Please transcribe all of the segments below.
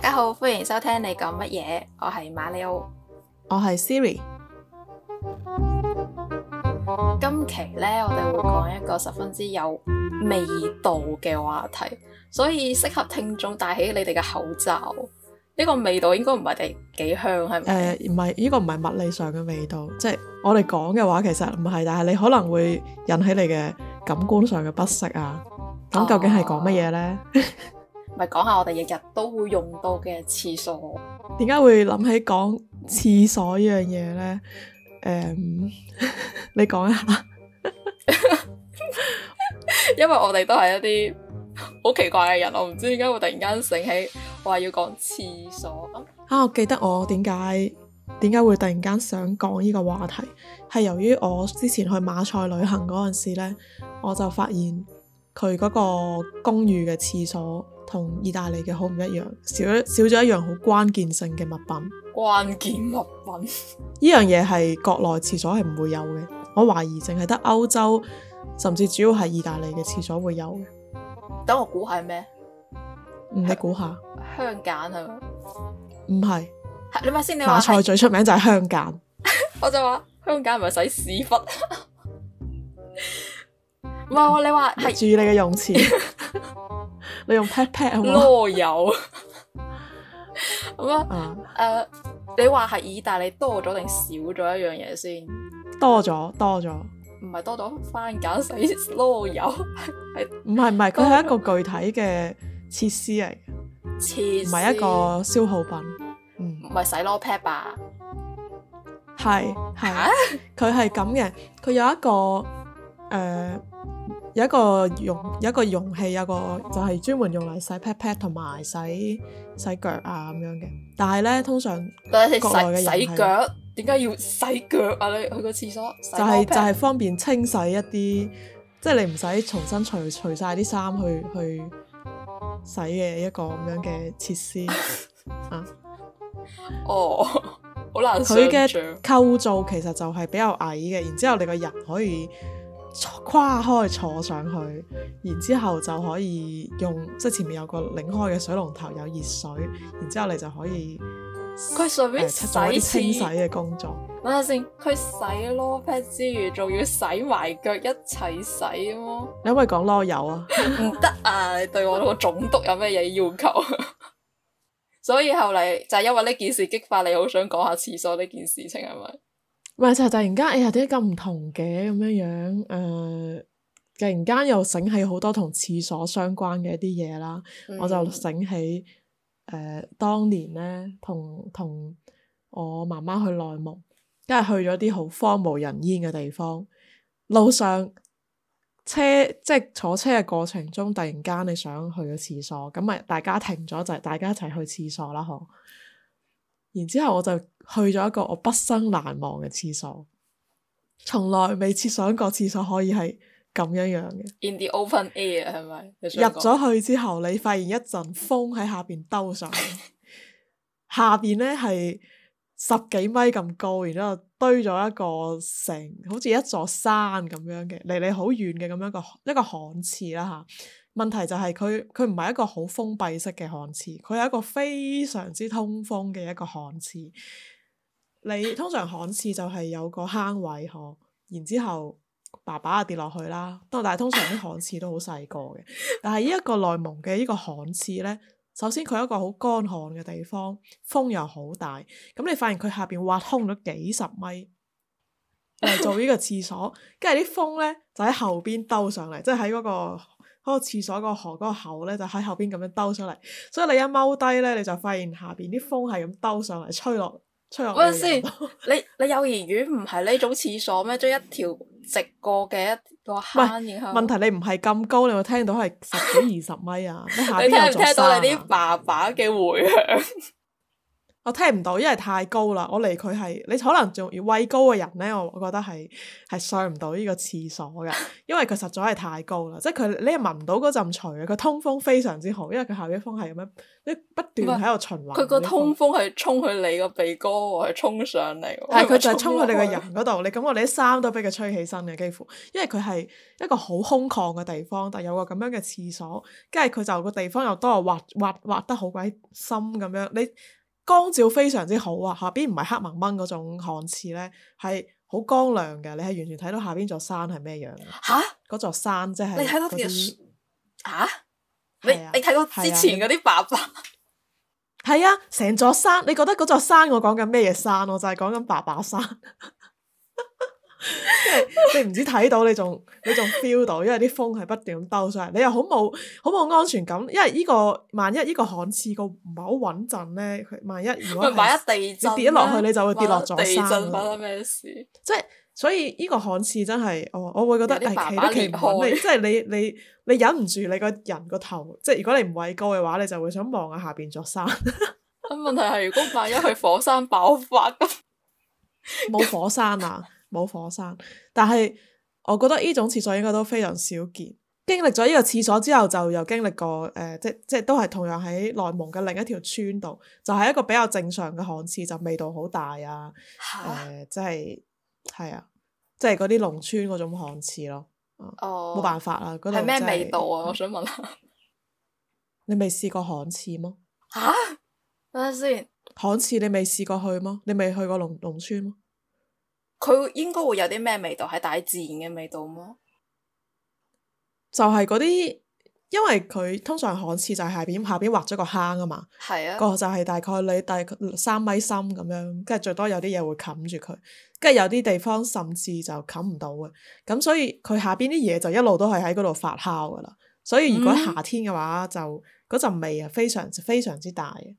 大家好，歡迎收聽你講乜嘢？我係瑪利奧，我係 Siri。今期咧，我哋會講一個十分之有味道嘅話題，所以適合聽眾戴起你哋嘅口罩。呢個味道應該唔係第幾香，係咪？誒，唔係，呢個唔係物理上嘅味道，即係我哋講嘅話其實唔係，但係你可能會引起你嘅感官上嘅不適啊。咁究竟係講乜嘢咧？咪講下我哋日日都會用到嘅廁所。點解會諗起講廁所呢樣嘢呢？誒、um, 你講一下。 因為我哋都係一啲好奇怪嘅人，我唔知點解會突然間醒起話要講廁所啊！我記得我點解點解會突然間想講呢個話題，係由於我之前去馬賽旅行嗰陣時呢，我就發現佢嗰個公寓嘅廁所。同意大利嘅好唔一樣，少咗少咗一樣好關鍵性嘅物品。關鍵物品，呢樣嘢係國內廁所係唔會有嘅，我懷疑淨係得歐洲，甚至主要係意大利嘅廁所會有嘅。等我估下咩？你估下？香梘係嗎？唔係。你話先，你話馬賽最出名就係香梘。是 我就話香梘唔係洗屎忽。唔係喎，你話係。注意你嘅用詞。 你用 pat pat 啊？囉柚咁啊，誒，你話係意大利多咗定少咗一樣嘢先？多咗，多咗，唔係多咗返緊洗囉柚，係唔係唔係？佢係一個具體嘅設施嚟嘅，設施唔係一個消耗品，唔係洗羅 pat 吧？係，吓？佢係咁嘅，佢有一個誒。有一個容有一個容器，有個就係專門用嚟洗 pet pet 同埋洗洗腳啊咁樣嘅。但係咧，通常國內嘅人洗腳，點解要洗腳啊？你去個廁所就係就係方便清洗一啲，即係你唔使重新除除晒啲衫去去洗嘅一個咁樣嘅設施啊。 哦，好難。佢嘅構造其實就係比較矮嘅，然之後你個人可以。跨開坐上去，然之後就可以用，即係前面有個擰開嘅水龍頭，有熱水，然之後你就可以佢順隨便洗、呃、清洗嘅工作。等下先，佢洗囉柚之餘，餘仲要洗埋腳一齊洗咁咯。你可唔可以講囉柚啊？唔得 啊！你對我、嗰個總督有咩嘢要求？ 所以後嚟就係、是、因為呢件事激發你好想講下廁所呢件事情係咪？唔係就係突然間，哎呀點解咁唔同嘅咁樣樣？誒、呃，突然間又醒起好多同廁所相關嘅一啲嘢啦，嗯、我就醒起誒、呃、當年咧，同同我媽媽去內蒙，真係去咗啲好荒無人煙嘅地方，路上車即係坐車嘅過程中，突然間你想去個廁所，咁咪大家停咗就係大家一齊去廁所啦，嗬，然之後我就，去咗一個我畢生難忘嘅廁所，從來未設想過廁所可以係咁樣樣嘅。In the open air 係咪？入咗去之後，你發現一陣風喺下邊兜上， 下邊呢係十幾米咁高，然之後堆咗一個城，好似一座山咁樣嘅，離你好遠嘅咁一個一個旱廁啦吓。問題就係佢佢唔係一個好封閉式嘅旱廁，佢係一個非常之通風嘅一個旱廁。你通常旱廁就係有個坑位可，然之後粑粑啊跌落去啦。但係通常啲旱廁都好細個嘅。但係呢一個內蒙嘅呢個旱廁呢，首先佢一個好乾旱嘅地方，風又好大。咁你發現佢下邊挖空咗幾十米嚟做呢個廁所，跟住啲風呢，就喺後邊兜上嚟，即係喺嗰個嗰、嗰個廁所嗰個河嗰個口呢，就喺後邊咁樣兜上嚟。所以你一踎低呢，你就發現下邊啲風係咁兜上嚟吹落。喂，先你你幼兒園唔係呢種廁所咩？即一條直過嘅一個坑，然後，問題你唔係咁高，你有聽到係十幾二十米啊？ 你，下你聽唔聽到你啲爸爸嘅回響？ 我聽唔到，因為太高啦。我離佢係你可能仲要畏高嘅人咧，我我覺得係係上唔到呢個廁所嘅，因為佢實在係太高啦。即係佢你又聞唔到嗰陣除嘅，佢通風非常之好，因為佢下邊風係咁樣不斷喺度循環。佢個通風係衝去你個鼻哥喎，係衝上嚟。但係佢就衝去你個人嗰度，你感覺你啲衫都俾佢吹起身嘅，幾乎。因為佢係一個好空曠嘅地方，但有個咁樣嘅廁所，跟住佢就個地方又多，挖挖挖得好鬼深咁樣你。光照非常之好啊，下邊唔係黑蒙蒙嗰種看似咧，係好光亮嘅。你係完全睇到下邊蛤座山係咩樣？嚇、就是，嗰座山即係你睇到啲你你睇過之前嗰啲爸爸？係啊，成、啊 啊、座山，你覺得嗰座山我講緊咩嘢山？我就係講緊爸爸山。 即係你唔知睇到，你仲你仲 feel 到，因為啲風係不斷咁兜上嚟，你又好冇好冇安全感。因為呢、這個萬一呢個旱廁個唔係好穩陣咧，佢萬一如果萬一地跌一落去，你就會跌落咗山。地震發生咩事？即係所以呢個旱廁真係，我、哦、我會覺得誒企都企唔好。爸爸即係你你你忍唔住，你個人個頭，即係如果你唔畏高嘅話，你就會想望下下邊座山。但 問題係，如果萬一係火山爆發咁，冇 火山啊？冇火山，但係我覺得呢種廁所應該都非常少見。經歷咗呢個廁所之後，就又經歷過誒、呃，即即都係同樣喺內蒙嘅另一條村度，就係、是、一個比較正常嘅旱廁，就味道好大啊！誒哈，即係係啊，即係嗰啲農村嗰種旱廁咯。哦，冇辦法啦，嗰度係咩味道啊？我想問下，你未試過旱廁麼？嚇！等下先，旱廁你未試過去麼？你未去過農農村麼？佢應該會有啲咩味道？係大自然嘅味道咩？就係嗰啲，因為佢通常旱廁就係下邊下邊挖咗個坑啊嘛。係啊。個就係大概你大概三米深咁樣，跟住最多有啲嘢會冚住佢，跟住有啲地方甚至就冚唔到嘅。咁所以佢下邊啲嘢就一路都係喺嗰度發酵噶啦。所以如果夏天嘅話，嗯、就嗰陣味啊，非常非常之大嘅。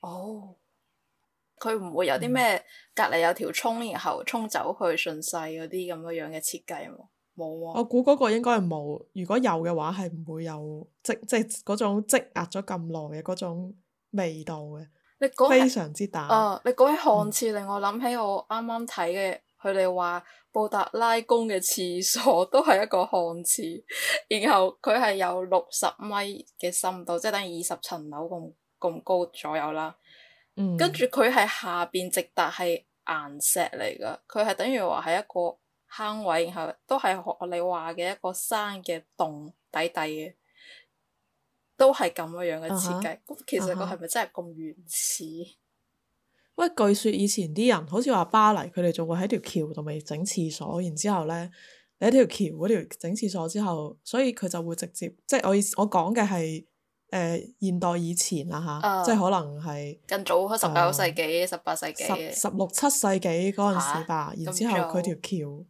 哦。.佢唔會有啲咩隔離有條沖，然後沖走去順勢嗰啲咁樣樣嘅設計冇。冇，我估嗰個應該係冇。如果有嘅話，係唔會有積，即係嗰種積壓咗咁耐嘅嗰種味道嘅。你講非常之大。啊！嗯，你講起旱廁，令我諗起我啱啱睇嘅，佢哋話布達拉宮嘅廁所都係一個旱廁，然後佢係有六十米嘅深度，即係等於二十層樓咁咁高左右啦。跟住佢係下邊直達係岩石嚟㗎，佢係等於話係一個坑位，然後都係學你話嘅一個山嘅洞底底嘅，都係咁樣樣嘅設計。咁、啊、哈其實佢係咪真係咁原始？喂、啊，啊、據說以前啲人好似話巴黎，佢哋仲會喺條橋度咪整廁所，然之後咧你喺條橋嗰條整廁所之後，所以佢就會直接，即係我我講嘅係。誒現代以前啊，嚇，即係可能係近早十九世紀、十八、呃、世紀，十六七世紀嗰陣時吧、啊。然之後佢條橋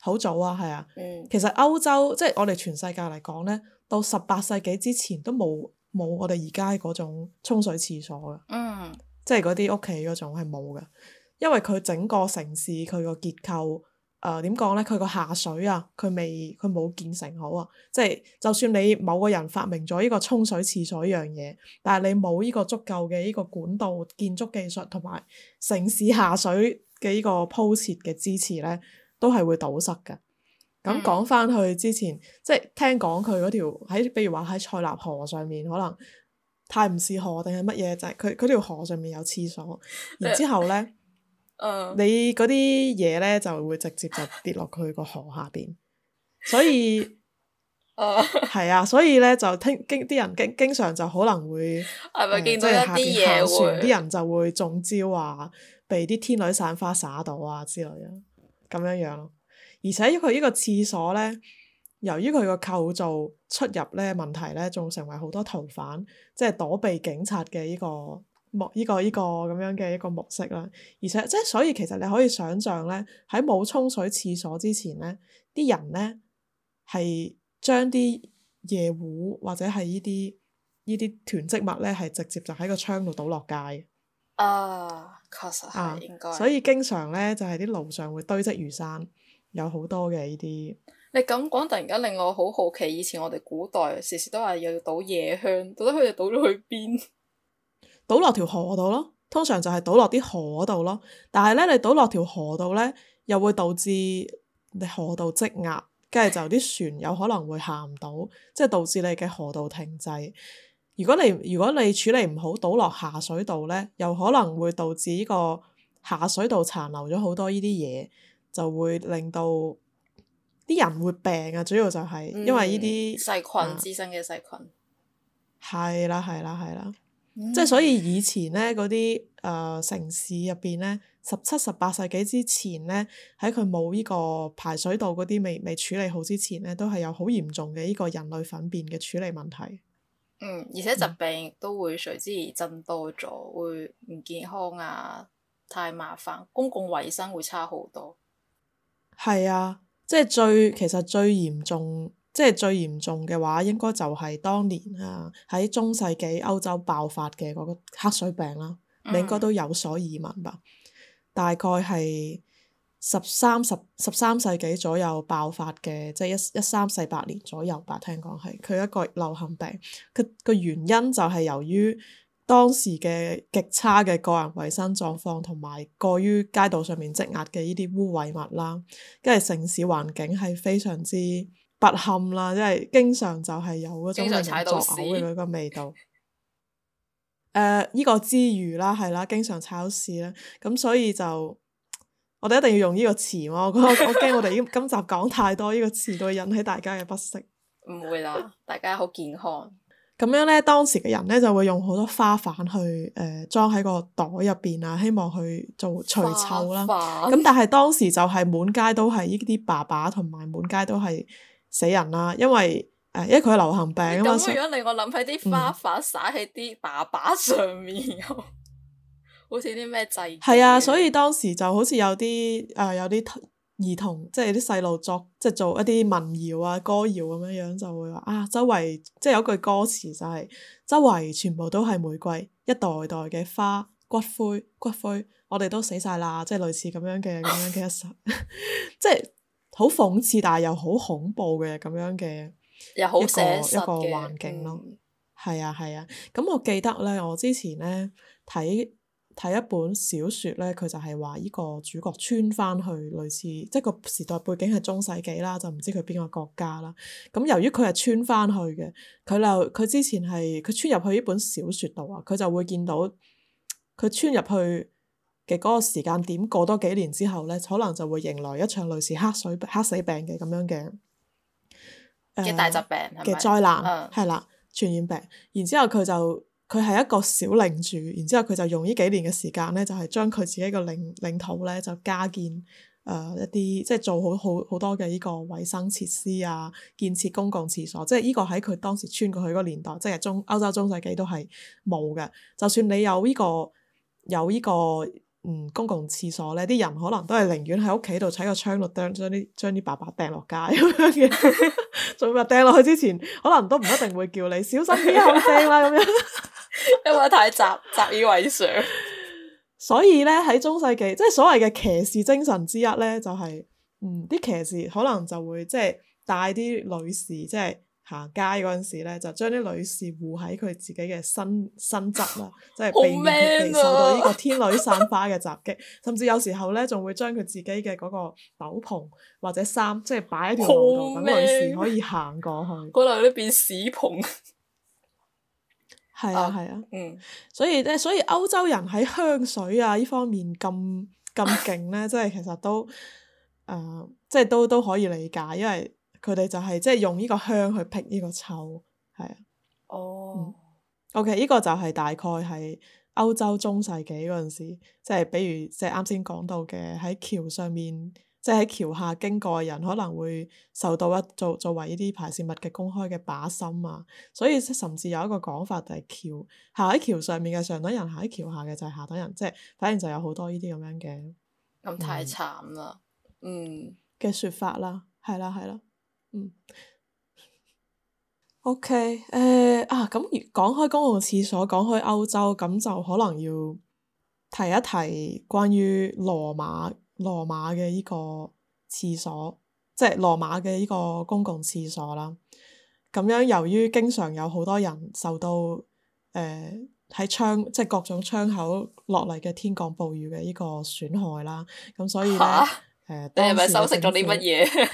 好、啊、早啊，係啊，嗯、其實歐洲即係、就是、我哋全世界嚟講咧，到十八世紀之前都冇冇我哋而家嗰種沖水廁所嘅，嗯、即係嗰啲屋企嗰種係冇㗎，因為佢整個城市佢個結構。誒點講咧？佢個、呃、下水啊，佢未佢冇建成好啊！即係就算你某個人發明咗呢個沖水廁所呢樣嘢，但係你冇依個足夠嘅依個管道建築技術同埋城市下水嘅依個鋪設嘅支持咧，都係會堵塞嘅。咁講翻去之前，嗯、即係聽講佢嗰條喺，比如話喺塞納河上面，可能太唔似河定係乜嘢？就係佢佢條河上面有廁所，然之後咧。 Uh. 你嗰啲嘢咧就會直接就跌落去個河下邊， 所以，係、uh. 啊，所以咧就聽經啲人經經常就可能會，即係、 呃就是、下邊行船啲 人就會中招啊，被啲天女散花灑到啊之類，咁樣樣咯。而且佢呢個廁所咧，由於佢個構造出入咧問題咧，仲成為好多逃犯即係、就是、躲避警察嘅呢、這個。莫依、這個依、這個咁樣嘅一個模式啦，而且即係所以其實你可以想象咧，喺冇沖水廁所之前咧，啲人咧係將啲夜壺或者係呢啲依啲囤積物咧係直接就喺個窗度倒落街。啊，確實係、啊、應該。所以經常咧就係啲路上會堆積如山，有好多嘅呢啲。你咁講突然間令我好好奇，以前我哋古代時時都話要倒夜香，到底佢哋倒咗去邊？ 倒落條河度咯，通常就係倒落啲河嗰度咯。但係咧，你倒落條河度咧，又會導致你河道積壓，跟住就啲船有可能會行唔到，即係導致你嘅河道停滯。如果你如果你處理唔好，倒落下，下水道咧，又可能會導致呢個下水道殘留咗好多呢啲嘢，就會令到啲人會病啊。主要就係，是，因為呢啲細菌滋生嘅細菌，係啦係啦係啦。即係、嗯、所以以前咧嗰啲誒城市入邊咧，十七十八世紀之前咧，喺佢冇依個排水道嗰啲未未處理好之前咧，都係有好嚴重嘅依個人類糞便嘅處理問題。嗯，而且疾病都會隨之而增多咗，嗯、會唔健康啊，太麻煩，公共衞生會差好多。係啊，即係最其實最嚴重。即係最嚴重嘅話，應該就係當年啊喺中世紀歐洲爆發嘅嗰個黑水病啦、啊。你應該都有所耳聞吧？大概係十三十十三世紀左右爆發嘅，即係一一三四八年左右吧。聽講係佢一個流行病，佢個原因就係由於當時嘅極差嘅個人衞生狀況，同埋過於街道上面積壓嘅呢啲污穢物啦，跟住城市環境係非常之不堪啦，即係經常就係有嗰種作嘔嘅個味道。誒，依、呃這個之餘啦，係啦，經常踩到屎咧，咁所以就我哋一定要用呢個詞嘛。我我驚我哋依今集講太多呢個詞，都會引起大家嘅不適。唔會啦，大家好健康。咁樣咧，當時嘅人咧就會用好多花瓣去誒裝喺個袋入邊啊，希望去做除臭啦。咁粉、嗯、但係當時就係滿街都係呢啲粑粑，同埋滿街都係。死人啦，因為誒、呃，因為佢係流行病啊嘛，咁樣令我諗起啲花瓣、嗯、撒喺啲爸爸上面，呵呵好似啲咩祭。係啊，所以當時就好似有啲誒、呃，有啲兒童，即係啲細路作，即係做一啲民謠啊、歌謠咁樣樣，就會話啊，周圍即係有句歌詞就係、是、周圍全部都係玫瑰，一袋袋嘅花，骨灰，骨灰，我哋都死晒啦，即係類似咁樣嘅咁樣嘅一首，即係。好諷刺，但係又好恐怖嘅咁樣嘅又一個又一個環境咯。嗯，係啊，係啊。咁我記得咧，我之前咧睇睇一本小説咧，佢就係話呢個主角穿翻去類似，即係個時代背景係中世紀啦，就唔知佢邊個國家啦。咁由於佢係穿翻去嘅，佢就佢之前係佢穿入去呢本小説度啊，佢就會見到佢穿入去。嘅嗰個時間點過多幾年之後咧，可能就會迎來一場類似黑水黑死病嘅咁樣嘅嘅、呃、大疾病嘅災難，係啦、嗯，傳染病。然之後佢就佢係一個小領主，然之後佢就用呢幾年嘅時間咧，就係將佢自己嘅領領土咧就加建誒、呃、一啲，即係做好好好多嘅呢個衛生設施啊，建設公共廁所。即係呢個喺佢當時穿過去嗰個年代，即係中歐洲中世紀都係冇嘅。就算你有呢個有呢個。嗯，公共廁所咧，啲人可能都係寧願喺屋企度踩個窗度掟，將啲將啲粑粑掟落街咁樣嘅。仲話掟落去之前，可能都唔一定會叫你 小心啲好聲啦咁樣， 因為太習習以為常。 所以咧喺中世紀，即係所謂嘅騎士精神之一咧，就係、是、嗯啲騎士可能就會即係帶啲女士即係。行街嗰陣時咧，就將啲女士護喺佢自己嘅身身側啦， 即係避免佢哋、啊、 受到呢個天女散花嘅襲擊。甚至有時候咧，仲會將佢自己嘅嗰個斗篷或者衫，即係擺喺條路度，等女士可以行過去。可能嗰邊都變屎盆。係啊係啊，啊啊嗯。所以咧，所以歐洲人喺香水啊呢方面咁咁勁咧，即係 其實都，誒，即係都都可以理解，因為，佢哋就係即係用呢個香去辟呢個臭，係啊。哦、oh. 嗯。OK，呢個就係大概係歐洲中世紀嗰陣時，即係比如即係啱先講到嘅喺橋上面，即係喺橋下經過嘅人可能會受到一做作為呢啲排泄物嘅公開嘅靶心啊。所以甚至有一個講法就係橋行喺橋上面嘅上等人，行喺橋下嘅就係下等人，即係反正就有好多呢啲咁樣嘅。咁太慘啦！嗯嘅説法啦，係啦係啦。嗯，OK，誒、uh, 啊，咁講開公共廁所，講開歐洲，咁就可能要提一提關於羅馬羅馬嘅呢個廁所，即係羅馬嘅呢個公共廁所啦。咁樣由於經常有好多人受到誒喺、呃、窗即係各種窗口落嚟嘅天降暴雨嘅呢個損害啦，咁所以咧誒，麼呃、你係咪修葺咗啲乜嘢？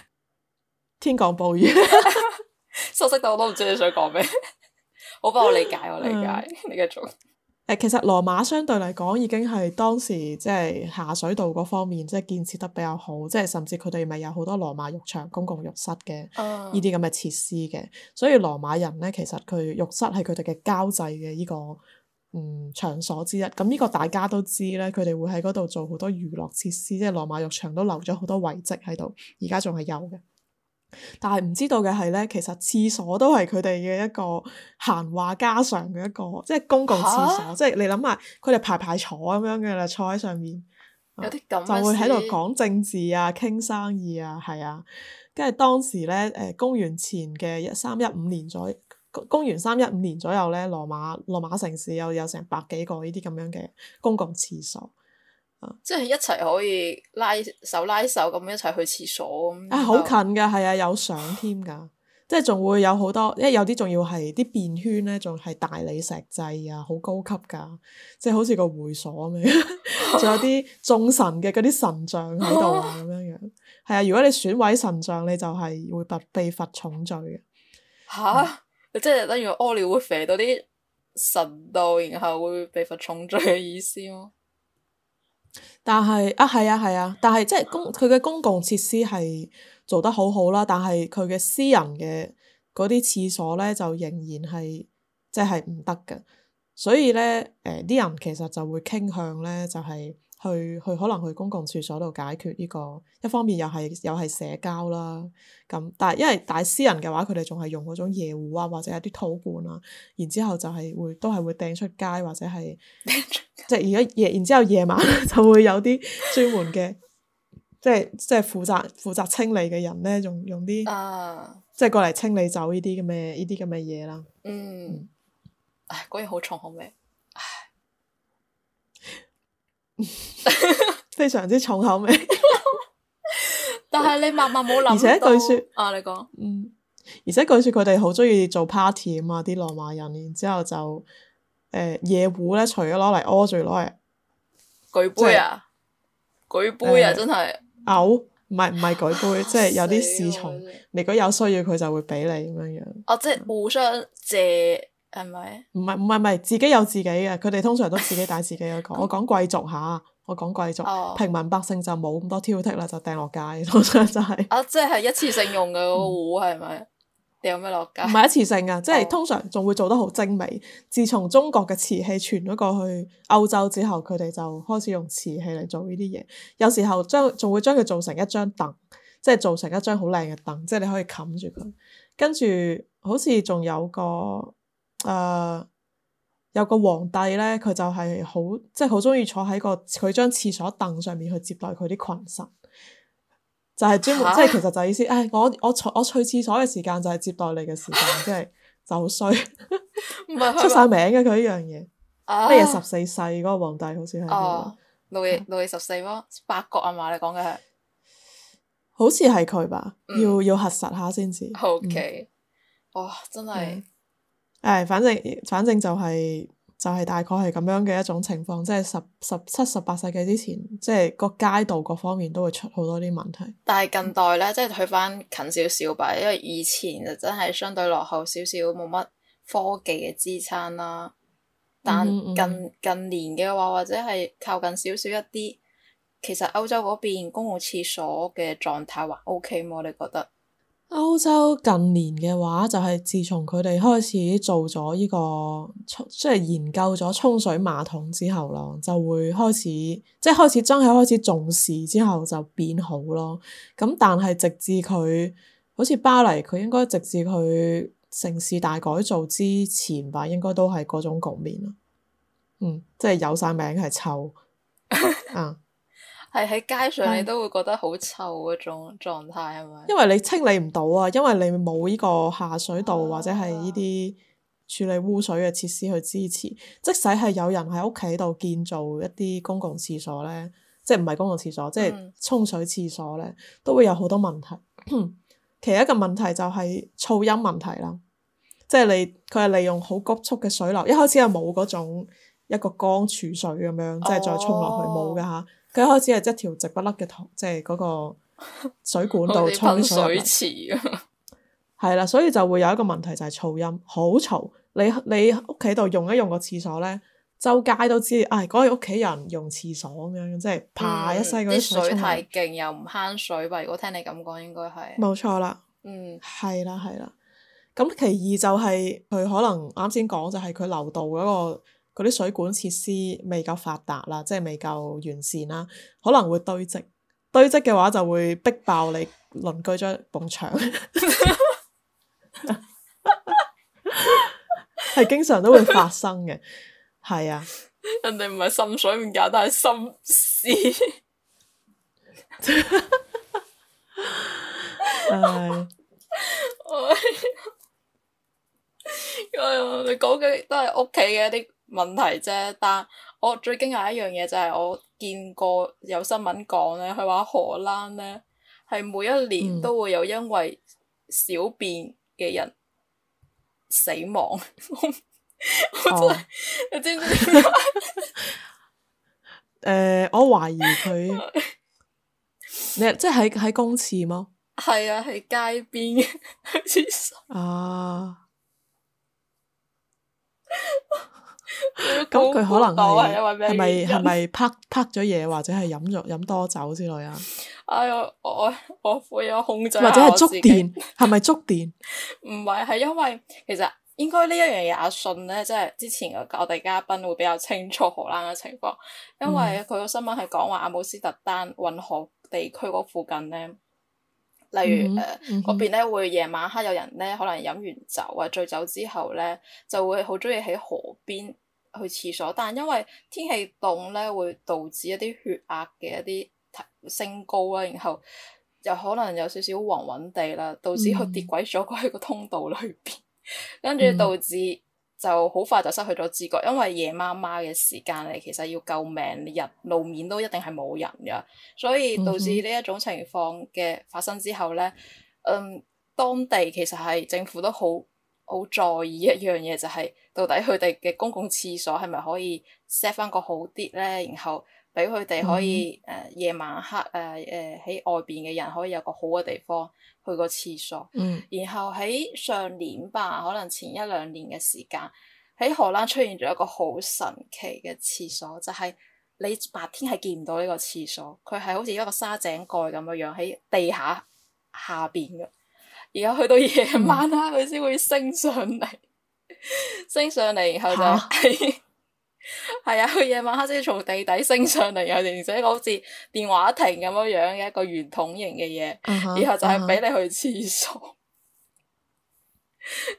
天降暴雨， 熟悉到我都唔知你想講咩， 好不我理解 我理解，嗯、你繼續。誒，其實羅馬相對嚟講，已經係當時即係、就是、下水道嗰方面，即、就、係、是、建設得比較好，即、就、係、是、甚至佢哋咪有好多羅馬浴場、公共浴室嘅呢啲咁嘅設施嘅。所以羅馬人咧，其實佢浴室係佢哋嘅交際嘅呢個嗯場所之一。咁呢個大家都知咧，佢哋會喺嗰度做好多娛樂設施，即係羅馬浴場都留咗好多遺跡喺度，而家仲係有嘅。但係唔知道嘅係咧，其實廁所都係佢哋嘅一個閒話家常嘅一個，即係公共廁所。啊、即係你諗下，佢哋排排坐咁樣嘅啦，坐喺上面，有啲咁、啊、就會喺度講政治啊、傾生意啊，係啊。跟住當時咧，誒公元前嘅一三一五年左右，公元三一五年左右咧，羅馬羅馬城市有有成百幾個呢啲咁樣嘅公共廁所。啊、即係一齊可以拉手拉手咁一齊去廁所咁啊，好近噶，係啊，有相添噶，啊、即係仲會有好多，因為有啲仲要係啲便圈咧，仲係大理石製啊，好高級噶，即係好似個會所咁樣，仲 有啲眾神嘅嗰啲神像喺度啊，咁樣樣係啊。如果你損毀神像，你就係會被罰重罪嘅。吓，即係等於屙尿會肥到啲神度，然後會被罰重罪嘅意思咯。 但係啊，係啊，係啊，但係即係公佢嘅公共設施係做得好好啦，但係佢嘅私人嘅嗰啲廁所咧就仍然係即係唔得嘅，所以咧誒啲人其實就會傾向咧就係、是。去去可能去公共廁所度解決呢個，一方面又係又係社交啦，咁但係因為大私人嘅話，佢哋仲係用嗰種夜壺啊，或者係啲土罐啊，然之後就係會都係會掟出街或者係，即係而家夜，然之後夜晚就會有啲專門嘅，即係即係負責負責清理嘅人咧，仲用啲，即係過嚟清理走呢啲咁嘅呢啲咁嘅嘢啦。嗯，唉，果然好重口味。非常之重口味，但係你默默冇諗。而且據說，啊，你講，嗯，而且據說佢哋好中意做 party 啊嘛，啲羅馬人，然之後就誒夜壺咧，除咗攞嚟屙住，攞嚟舉杯啊，舉杯啊，真係，嘔，唔係唔係舉杯，即係有啲侍從，如果有需要佢就會俾你咁樣樣。啊，即係互相借。係咪？唔係唔係唔係，自己有自己嘅，佢哋通常都自己帶自己去講、 啊。我講貴族吓，我講貴族，oh. 平民百姓就冇咁多挑剔啦，就掟落街，通常真、就、係、係。 啊，即係一次性用嘅個壺係咪？掟咩落街？唔係一次性啊，oh. 即係通常仲會做得好精美。自從中國嘅瓷器傳咗過去歐洲之後，佢哋就開始用瓷器嚟做呢啲嘢。有時候將仲會將佢做成一張凳，即係做成一張好靚嘅凳，即係你可以冚住佢。跟住好似仲有個。誒，有個皇帝咧，佢就係好，即係好中意坐喺個佢張廁所凳上面去接待佢啲群臣，就係專門，即係其實就意思，唉，我我我去廁所嘅時間就係接待你嘅時間，即係就衰，唔係，出晒名嘅佢呢樣嘢，咩十四世嗰個皇帝好似係，路易十四咯，八國啊嘛？你講嘅係，好似係佢吧？要要核實下先至。O K，哇，真係。誒、哎，反正反正就係、是、就係、是、大概係咁樣嘅一種情況，即係十十七十八世紀之前，即係個街道各方面都會出好多啲問題。但係近代咧，即係退翻近少少吧，因為以前就真係相對落後少少，冇乜科技嘅支撐啦。但近嗯嗯嗯近,近年嘅話，或者係靠近少少一啲，其實歐洲嗰邊公共廁所嘅狀態還 OK 麼？你覺得？歐洲近年嘅話，就係、是、自從佢哋開始做咗呢、這個，即係研究咗沖水馬桶之後咯，就會開始，即係開始真係開始重視之後就變好咯。咁但係直至佢，好似巴黎佢應該直至佢城市大改造之前吧，應該都係嗰種局面啦。嗯，即係有晒名係臭。 啊係喺街上，你都會覺得好臭嗰種狀態，係咪？、嗯、因為你清理唔到啊，因為你冇呢個下水道或者係呢啲處理污水嘅設施去支持。啊、即使係有人喺屋企度建造一啲公共廁所咧，即係唔係公共廁所，嗯、即係沖水廁所咧，都會有好多問題。 其一個問題就係噪音問題啦，即係你佢係利用好急促嘅水流，一開始係冇嗰種一個缸儲水咁樣，即係再沖落去冇嘅嚇。哦佢一開始係一係條直不甩嘅，即係嗰個水管度沖水，水。 噴水池啊，係啦，所以就會有一個問題就係、是、噪音好嘈。你你屋企度用一用個廁所咧，周街都知道。唉、哎，嗰個屋企人用廁所咁樣，即係啪一聲。啲、嗯、水太勁又唔慳水吧。如果聽你咁講，應該係冇錯啦。嗯，係啦，係啦。咁其二就係、是、佢可能啱先講就係佢樓道嗰個。嗰啲水管設施未夠發達啦，即係未夠完善啦，可能會堆積，堆積嘅話就會逼爆你鄰居張牆，係 經常都會發生嘅，係啊 ，人哋唔係滲水唔簡單，係滲屎。唉，我，我哋講嘅都係屋企嘅一啲問題啫，但我最驚訝一樣嘢就係我見過有新聞講咧，佢話荷蘭咧係每一年都會有因為小便嘅人死亡，嗯、 我真係你知唔知點解？誒，我懷疑佢， 你即係喺喺公廁麼？係啊，喺街邊啊！ uh. 咁佢 可能係因為係咪係咪啪啪咗嘢，或者係飲咗飲多酒之類啊？哎呀，我我會我控制我或者係觸電，係咪觸電？唔係， 係因為其實應該呢一樣嘢阿信咧，即係之前嘅我哋嘉賓會比較清楚荷蘭嘅情況，因為佢個新聞係講話阿姆斯特丹運河地區嗰附近咧，例如誒嗰邊咧會夜晚黑有人咧可能飲完酒啊醉酒之後咧就會好中意喺河邊。去廁所，但因為天氣凍咧，會導致一啲血壓嘅一啲升高啦，然後就可能有少少暈暈地啦，導致佢跌鬼咗過去個通道裏邊，跟住、嗯、導致就好快就失去咗知覺，因為夜媽媽嘅時間嚟，其實要救命日路面都一定係冇人㗎，所以導致呢一種情況嘅發生之後咧，嗯，嗯，嗯，當地其實係政府都好。好在意一樣嘢就係、是，到底佢哋嘅公共廁所係咪可以 set 翻個好啲咧？然後俾佢哋可以誒、嗯呃、夜晚黑誒誒喺外邊嘅人可以有個好嘅地方去個廁所。嗯。然後喺上年吧，可能前一兩年嘅時間，喺荷蘭出現咗一個好神奇嘅廁所，就係、是、你白天係見唔到呢個廁所，佢係好似一個沙井蓋咁嘅樣喺地下下邊嘅。而家去到夜晚啦，佢先、嗯、會升上嚟， 升上嚟，然後就係啊，去夜、 啊、晚黑先從地底升上嚟，然後形成一個好似電話亭咁樣樣嘅一個圓筒形嘅嘢，嗯、嘩然後就係俾你去廁所。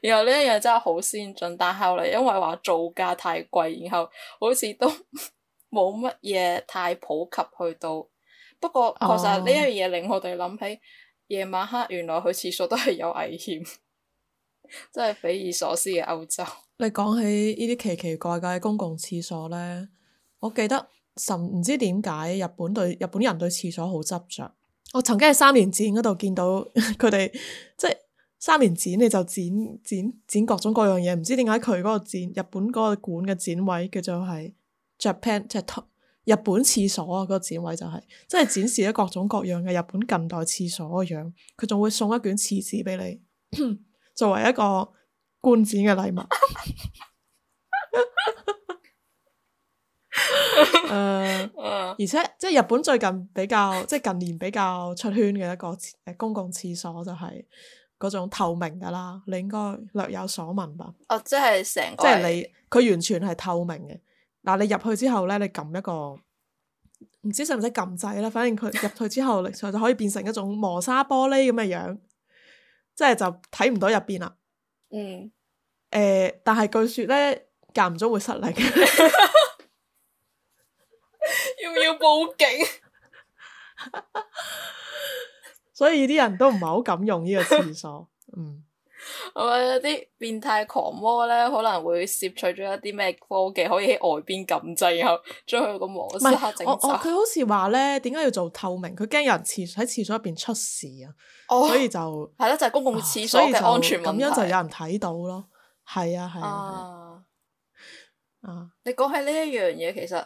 然後呢一樣真係好先進，但係後來因為話造價太貴，然後好似都冇乜嘢太普及去到。不過確實呢一樣嘢令我哋諗起。Oh. 夜晚黑，原來去廁所都係有危險， 真係匪夷所思嘅歐洲。你講起呢啲奇奇怪怪嘅公共廁所呢，我記得甚唔知點解日本對日本人對廁所好執着。我曾經喺三年展嗰度見到佢哋， 即係三年展，你就展展展各種各樣嘢，唔知點解佢嗰個展日本嗰個館嘅展位叫做係 Japan 日本廁所個展位就係、是，即係展示咗各種各樣嘅日本近代廁所嘅樣，佢仲會送一卷廁紙俾你，作為一個觀展嘅禮物。誒、 呃，而且即係日本最近比較，即係近年比較出圈嘅一個誒公共廁所，就係嗰種透明㗎喇，你應該略有所聞吧？哦，就是、即係成即係你，佢完全係透明嘅。嗱，你入去之後咧，你撳一個唔知使唔使撳掣啦，反正佢入去之後，佢就可以變成一種磨砂玻璃咁嘅樣，即係就睇唔到入邊啦。嗯。誒、呃，但係據說咧，間唔中會失靈，要唔要報警？ 所以啲人都唔係好敢用呢個廁所。嗯。係、嗯、有啲變態狂魔咧？可能會攝取咗一啲咩科技，可以喺外邊撳掣，然後將佢個膜即刻整晒。佢好似話咧，點解要做透明？佢驚有人喺廁所入邊出事啊，所以就係咯，就係公共廁所嘅安全問題。咁樣就有人睇到咯。係啊，係啊，啊！啊你講起呢一樣嘢，其實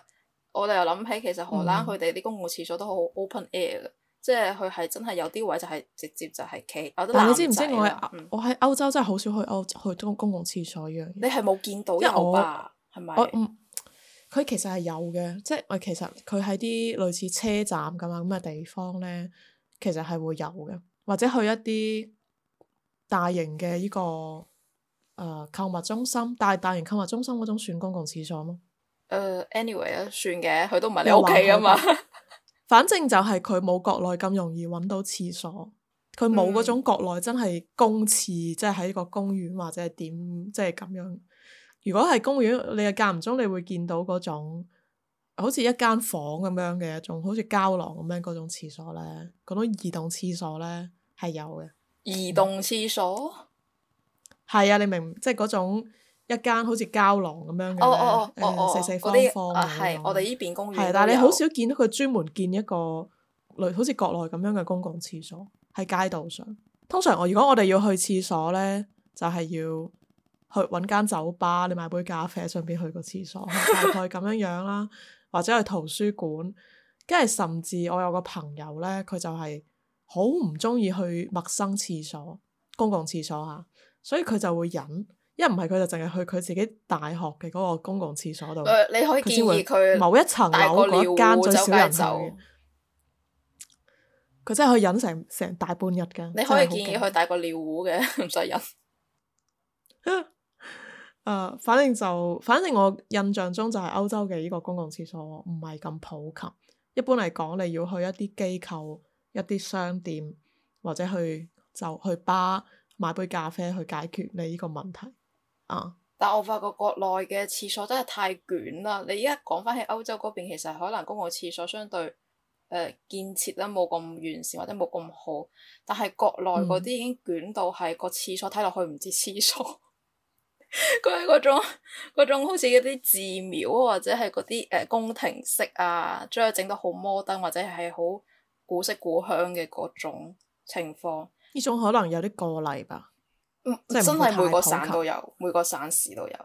我哋又諗起，其實荷蘭佢哋啲公共廁所都好 open air 噶。嗯。即係佢係真係有啲位就係直接就係企，我都男仔。但你知唔知我喺我喺歐洲真係好少去歐、嗯、去公公共廁所依樣你係冇見到有啊？係咪？佢其實係有嘅，即係我，其實佢喺啲類似車站咁啊咁嘅地方咧，其實係會有嘅，或者去一啲大型嘅依、這個誒、呃、購物中心，但係大型購物中心嗰種算公共廁所嗎？誒、呃、anyway 啊，算嘅，佢都唔係你屋企啊嘛。 反正就係佢冇國內咁容易揾到廁所，佢冇嗰種國內真係公廁，嗯，即係喺個公園或者係點，即係咁樣。如果喺公園，你又間唔中你會見到嗰種好似一間房咁樣嘅一種，好似膠囊咁樣嗰種廁所呢，嗰種移動廁所呢係有嘅。移動廁所？係啊，你明即係嗰種。一間好似膠囊咁樣嘅咧，哦哦呃、四四方方嘅。我哋依邊公園。但係你好少見到佢專門建一個類，好似國內咁樣嘅公共廁所喺街道上。通常我如果我哋要去廁所咧，就係、是、要去揾間酒吧，你買杯咖啡順便去個廁所，大概咁樣樣啦。 或者去圖書館，跟住甚至我有個朋友咧，佢就係好唔中意去陌生廁所、公共廁所嚇，所以佢就會忍。一唔係佢就淨係去佢自己大學嘅嗰個公共廁所度、呃。你可以建議佢某一層樓嗰一間最少人去。佢真係可以忍成成大半日嘅。你可以建議佢帶個尿壺嘅。你唔使忍。啊，反正就，反正我印象中就係歐洲嘅呢個公共廁所唔係咁普及。一般嚟講，你要去一啲機構、一啲商店，或者去就去吧買杯咖啡去解決你呢個問題。啊！但我發覺國內嘅廁所真係太卷啦。你依家講翻喺歐洲嗰邊，其實可能公共廁所相對誒、呃、建設得冇咁完善或者冇咁好，但係國內嗰啲已經卷到係個廁所睇落、嗯、去唔似廁所，佢係嗰種嗰種好似嗰啲寺廟或者係嗰啲誒宮廷式啊，將佢整得好摩登或者係好古色古香嘅嗰種情況。呢種可能有啲過例吧。真係每個省都有，每個省市都有，uh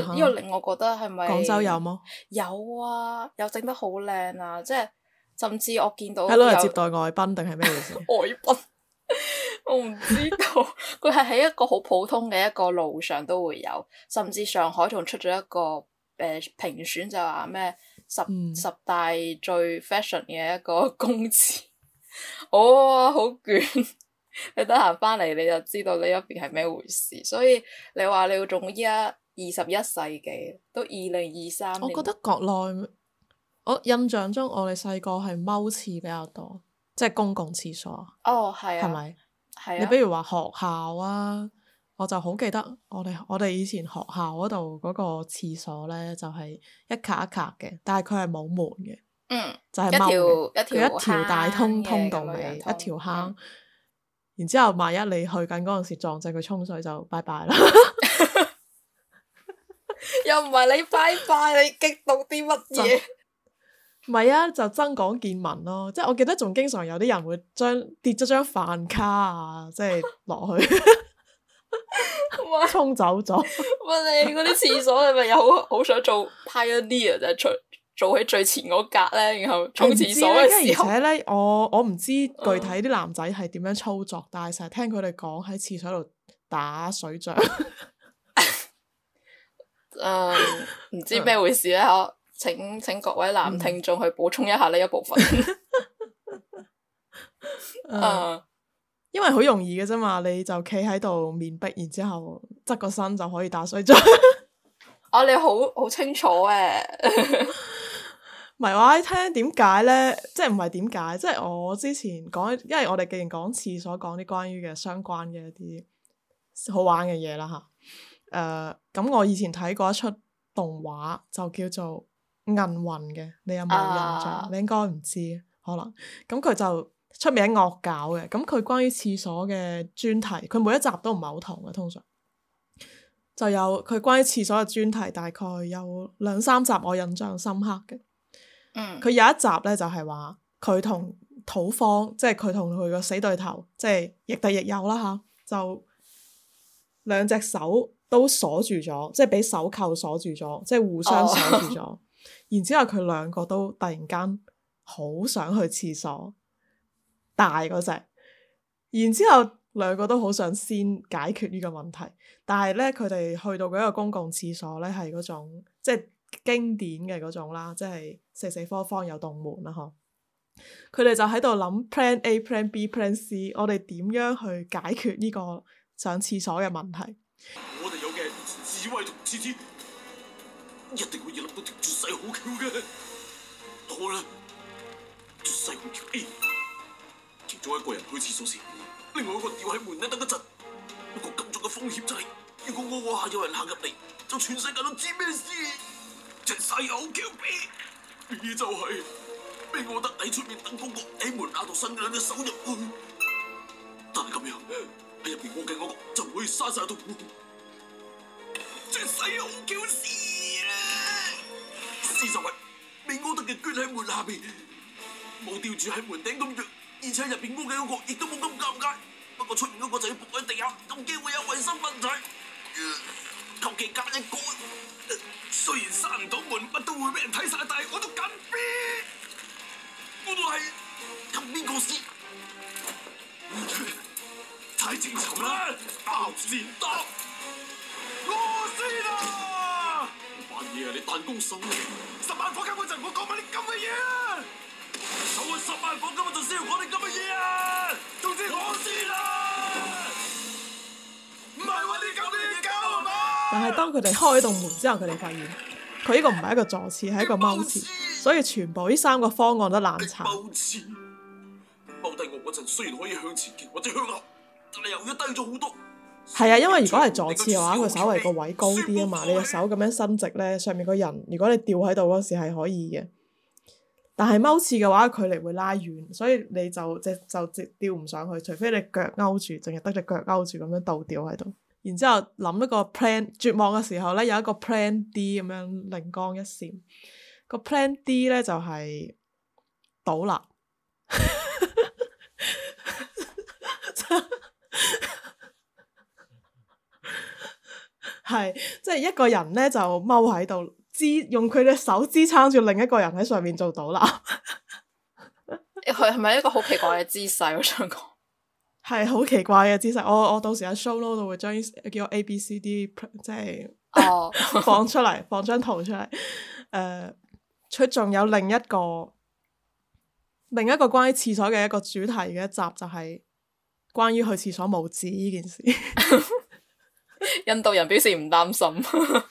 huh. 所以呢個令我覺得係咪？廣州有麼？有啊，有整得好靚啊！即係甚至我見到喺咯，嚟 接待外賓定係咩意思？ 外賓斌， 我唔知道。佢係喺一個好普通嘅一個路上都會有，甚至上海仲出咗一個誒、呃、評選就，就話咩十、嗯、十大最 fashion 嘅一個公廁， 哦，好卷！你得閒翻嚟你就知道呢一邊係咩回事，所以你話你仲依家二十一世紀，都二零二三年，我覺得國內我印象中我哋細個係踎廁比較多，即係公共廁所。哦，係啊，係咪吧？係、啊、你比如話學校啊，我就好記得我哋我哋以前學校嗰度嗰個廁所咧，就係、是、一格一格嘅，但係佢係冇門嘅，嗯，就係踎嘅，佢一條大通通道嚟，嗯、一條坑。然之後，萬一你去緊嗰陣時撞正佢沖水就拜拜啦， 又唔係你拜拜，你激動啲乜嘢？唔係啊，就增廣見聞咯，即係我記得仲經常有啲人會將跌咗張飯卡啊，即係落去，沖 走咗了。喂， 你嗰啲廁所係咪有好 想做 pioneer 啲啊，e e 出？做喺最前嗰格咧，然後沖廁所呢空而且咧，我我唔知具體啲男仔係點樣操作，嗯、但係成日聽佢哋講喺廁所度打水仗。誒、 嗯，唔知咩回事咧？嗬、嗯，我請請各位男聽眾去補充一下呢一部分。誒，因為好容易嘅啫嘛，你就企喺度面壁，然之後側個身就可以打水仗。 啊，你好好，好清楚誒、啊。 唔係我喺聽，點解呢？即唔係點解？即我之前講，因為我哋既然講廁所，講啲關於嘅相關嘅一啲好玩嘅嘢啦吓。誒、啊，咁我以前睇過一出動畫，就叫做《銀魂》嘅，你有冇印象？Uh、你應該唔知，可能咁佢就出名惡搞嘅。咁佢關於廁所嘅專題，佢每一集都唔係好同嘅，通常就有佢關於廁所嘅專題，大概有兩三集我印象深刻嘅。嗯、佢有一集咧，就係話佢同土方，即係佢同佢個死對頭，即係亦敵亦友啦吓，就兩隻手都鎖住咗，即係俾手扣鎖住咗，即係互相鎖住咗。哦、然之後佢兩個都突然間好想去廁所，大嗰隻。然之後兩個都好想先解決呢個問題，但係咧佢哋去到嗰一個公共廁所咧係嗰種即係。經典嘅嗰種啦，即係四四方方有洞門啦，嗬。佢哋就喺度諗 plan A、plan B、plan C，我哋點樣去解決呢個上廁所嘅問題？我哋有嘅智慧同字天，一定會諗到條絕世好橋嘅。好啦，絕世好橋 A，其中一個人去廁所先，另外一個人掉喺門啦。等一陣，不過咁重嘅風險就係、是，如果我個下有人行入嚟，就全世界都知咩事。即使好狡辯，呢就係俾我得底出面等個喺門下度伸兩隻手入去，但係咁樣喺入邊屋企嗰個就可以閂晒道門，即使好巧事啦。事實係俾我得嘅捐喺門下邊，冇吊住喺門頂咁樣，而且入邊屋企嗰個亦都冇咁尷尬，不過出面嗰個就要仆喺地下，有機會有衛生問題。求其加一個。雖然閂唔到門，乜都會俾人睇晒，但係我都緊逼。我係靠邊個先？睇清楚啦，包善德， 我先啦，啊。乜嘢啊？你彈弓手，啊，十萬火急嗰陣，我講埋啲咁嘅嘢啊？我 十萬火急我就先要講啲咁嘅嘢啊？總之我先啦，啊，唔係我。 但係當佢哋開到門之後，佢哋發現佢呢個唔係一個坐廁，係一個踎廁，所以全部呢三個方案都爛殘。踎低我嗰陣雖然可以向前嘅或者向落，但係由於低咗好多。係啊，因為如果係坐廁嘅話，佢稍微個位高啲啊嘛。你隻手咁樣伸直咧，上面個人如果你吊喺度嗰時係可以嘅。但係踎廁嘅話，距離會拉遠，所以你就只就只吊唔上去，除非你腳勾住，淨係得隻腳勾住咁樣倒吊喺度。然之後諗一個 plan，絕望嘅時候呢，有一個 plan D 咁樣靈光一閃，個 plan D 呢就係、係、倒立，係即係一個人呢就踎喺度支，用佢嘅手支撐住另一個人喺上面做倒立。佢係咪一個好奇怪嘅姿勢？我想講。 係好奇怪嘅姿勢，我我到時喺 showload 度會將啲叫 A、B、C、D，即係哦、oh. 放出嚟，放張圖出嚟。誒、呃，出仲有另一個另一個關於廁所嘅一個主題嘅一集，就係關於去廁所無紙呢件事。 印度人表示唔擔心。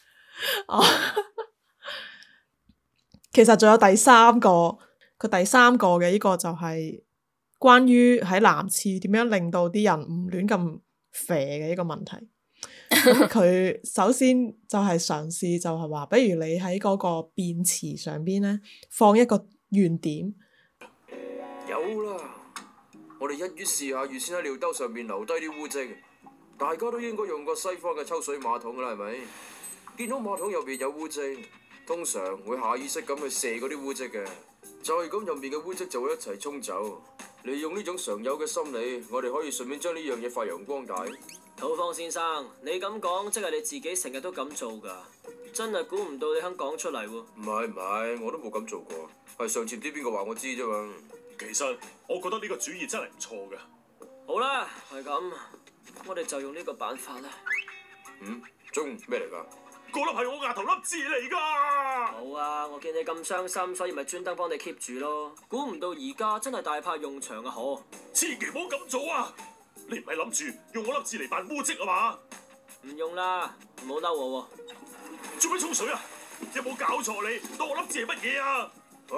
其實仲有第三個，佢第三個嘅呢個就係、是。關於喺男廁點樣令到啲人唔亂咁肥嘅一個問題，佢 首先就係嘗試就係話，不如你喺嗰個便池上邊呢，放一個圓點。有啦，我哋一於試下預先喺尿兜上面留低啲污漬，大家都應該用過西方嘅抽水馬桶㗎啦，係咪？見到馬桶入邊有污漬，通常會下意識咁去射嗰啲污漬嘅，就咁入面嘅污漬就會一齊沖走。利用呢種常有嘅心理，我哋可以順便將呢樣嘢發揚光大。土方先生，你咁講，即係你自己成日都咁做噶，真係估唔到你肯講出嚟。唔係唔係，我都冇咁做過，係上次啲邊個話我知啫嘛。其實我覺得呢個主意真係唔錯噶。好啦，係咁，我哋就用呢個辦法啦。嗯，中，咩嚟噶？個粒係我額頭粒痣嚟噶，好啊！我見你咁傷心，所以咪專登幫你 keep 住咯。估唔到而家真係大派用場啊！好，千祈唔好咁做啊！你唔係諗住用我粒痣嚟扮污漬啊嘛？唔用啦，唔好嬲我喎。做咩沖水啊？有冇搞錯啊？你當我粒痣係乜嘢啊？唉，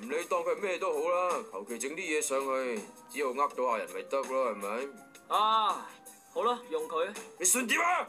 唔理當佢係咩都好啦，求其整啲嘢上去，只要呃到下人咪得咯，係咪？啊，好啦，用佢啊！你算點啊？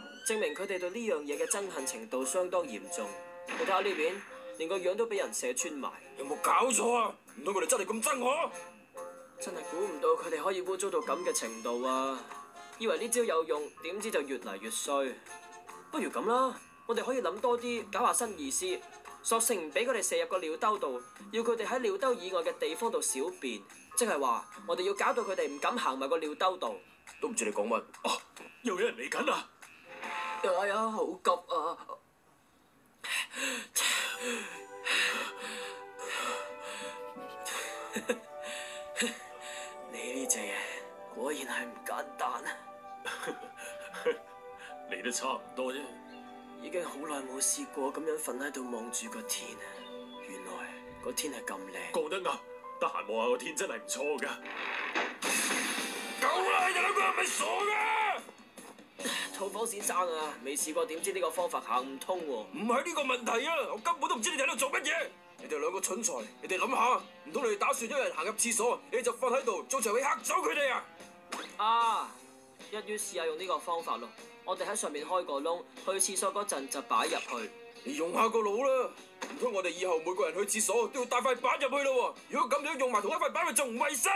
證明佢哋對呢樣嘢嘅憎恨程度相當嚴重。你睇下呢邊，連個樣都俾人射穿埋。有冇搞錯啊？唔通佢哋真係咁憎我？真係估唔到佢哋可以污糟到咁嘅程度啊！以為呢招有用，點知就越嚟越衰。不如咁啦，我哋可以諗多啲，搞下新意思，索性唔俾佢哋射入個尿兜度，要佢哋喺尿兜以外嘅地方度小便，即係話我哋要搞到佢哋唔敢行埋個尿兜度。都唔知你講乜？啊、哦，又有人嚟緊啊。哎呀，好急啊！ 你呢隻嘢果然係唔簡單啊！嚟得 差唔多啫。已經好耐冇試過咁樣瞓喺度望住個天啊！原來個天係咁靚。講得啊，得閒望下個天真係唔錯噶。夠啦、啊！你哋兩個係咪傻嘅。土方先生啊，未試過點知呢個方法行唔通喎，啊？唔係呢個問題啊，我根本都唔知你哋喺度做乜嘢！你哋兩個蠢材，你哋諗下，唔通你哋打算一人行入廁所，你就瞓喺度，做長尾吓走佢哋啊？啊，一於試下用呢個方法咯，我哋喺上面開個窿，去廁所嗰陣就擺入去。你用下個腦啦，唔通我哋以後每個人去廁所都要帶塊板入去咯，啊？如果咁樣用埋同一塊板，咪仲唔衛生？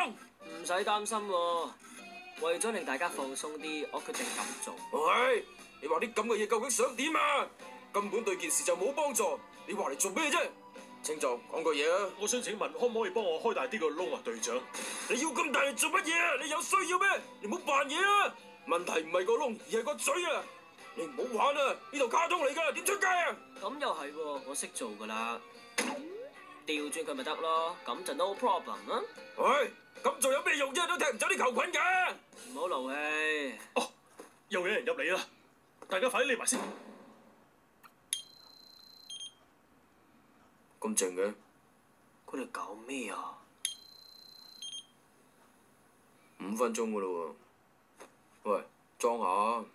唔使擔心，啊。為咗令大家放鬆啲，嗯、我決定咁做。喂，你話啲咁嘅嘢究竟想點啊？根本對件事就冇幫助。你，你話嚟做咩啫？清楚，講句嘢啊！我想請問，可唔可以幫我開大啲個窿啊？隊長，你要咁大嚟做乜嘢？啊？你有需要咩？你唔好扮嘢啊！問題唔係個窿，而係個嘴啊！你唔好玩啊！呢度卡通嚟噶，點出街啊？咁又係喎，我識做噶啦，調轉佢咪得咯，咁就 no problem 啊。喂！咁做有咩用啫？都踢唔走啲球菌嘅，唔好漏氣。哦，又有人入嚟啦，大家快啲匿埋先。咁靜嘅，佢哋搞咩啊？五分鐘噶啦喎，喂，裝下。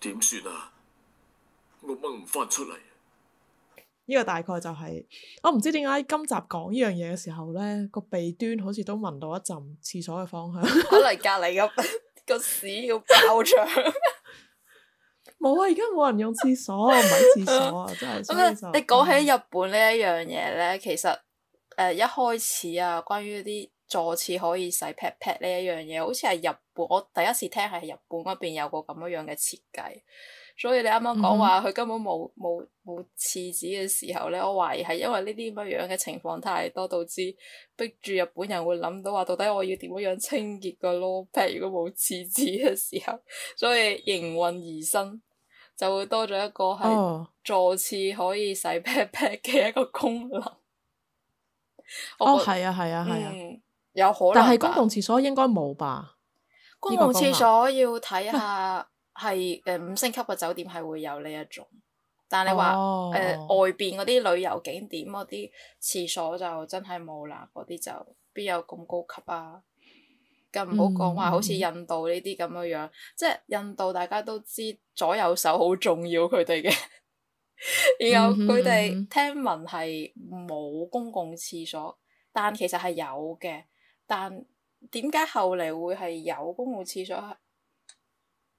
點算啊？我掹唔翻出嚟。呢個大概就係、是，我唔知點解今集講呢樣嘢嘅時候呢個鼻端好似都聞到一陣廁所嘅方向，可能隔籬咁個屎要爆出。冇啊，而家冇人用廁所，唔係廁所啊，真係。 你講起日本呢一樣嘢呢，其實、呃、一開始啊，關於啲座廁可以洗 pat pat 呢一樣嘢，好似係日本，我第一次聽係日本嗰邊有個咁樣樣嘅設計。所以你啱啱講話佢、嗯、根本冇冇冇廁紙嘅時候咧，我懷疑係因為呢啲咁樣嘅情況太多，導致逼住日本人會諗到話，到底我要點樣清潔個廁屁？如果冇廁紙嘅時候，所以應運而生就會多咗一個係坐廁可以洗屁屁嘅一個功能。哦，哦，係啊，係啊，係啊、嗯，有可能。但係公共廁所應該冇吧？公共廁所要睇下、嗯。係誒、呃、五星級嘅酒店係會有呢一種，但係你話誒外邊嗰啲旅遊景點嗰啲廁所就真係冇啦，嗰啲就邊有咁高級啊？更唔好講話好似印度呢啲咁嘅樣，mm hmm. 即係印度大家都知左右手好重要佢哋嘅，然後佢哋聽聞係冇公共廁所，但其實係有嘅，但點解後嚟會係有公共廁所？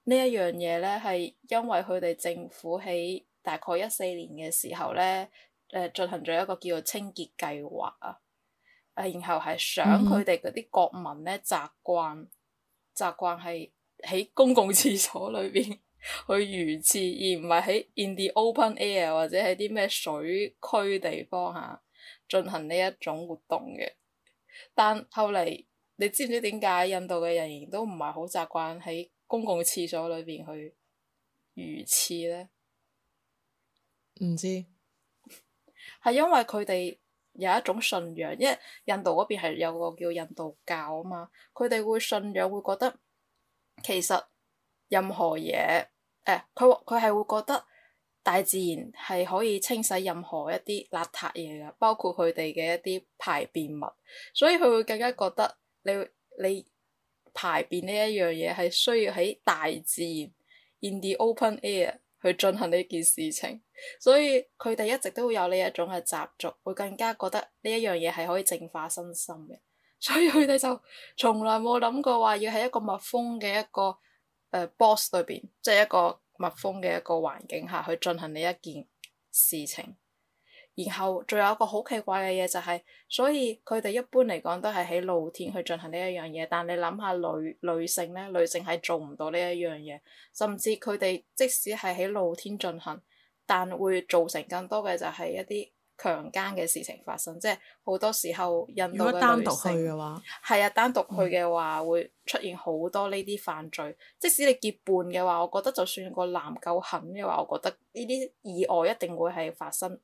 呢一樣嘢呢，係因為佢哋政府喺大概一四年嘅時候呢，誒、呃、進行咗一個叫做清潔計劃啊，然後係想佢哋嗰啲國民呢，習慣習慣係喺公共廁所裏邊去如廁，而唔係喺 in the open air 或者喺啲咩水區地方下進行呢一種活動嘅。但後嚟你知唔知點解印度嘅人員都唔係好習慣喺公共廁所裏邊去如廁呢？唔知係 因為佢哋有一種信仰，因為印度嗰邊係有個叫印度教啊嘛，佢哋會信仰會覺得其實任何嘢，誒佢佢係會覺得大自然係可以清洗任何一啲邋遢嘢㗎，包括佢哋嘅一啲排便物，所以佢會更加覺得你你。排便呢一樣嘢係需要喺大自然 in the open air 去進行呢件事情，所以佢哋一直都會有呢一種嘅習俗，會更加覺得呢一樣嘢係可以淨化身心嘅，所以佢哋就從來冇諗過話要喺一個密封嘅一個 boss 裏邊，即係，呃，就是，一個密封嘅一個環境下去進行呢一件事情。然後仲有一個好奇怪嘅嘢就係、是，所以佢哋一般嚟講都係喺露天去進行呢一樣嘢。但你諗下女女性呢，女性係做唔到呢一樣嘢，甚至佢哋即使係喺露天進行，但會造成更多嘅就係一啲強姦嘅事情發生。即係好多時候，印度嘅女性，單獨去嘅話，係啊，單獨去嘅話會出現好多呢啲犯罪。嗯、即使你結伴嘅話，我覺得就算個男夠狠嘅話，我覺得呢啲意外一定會係發生。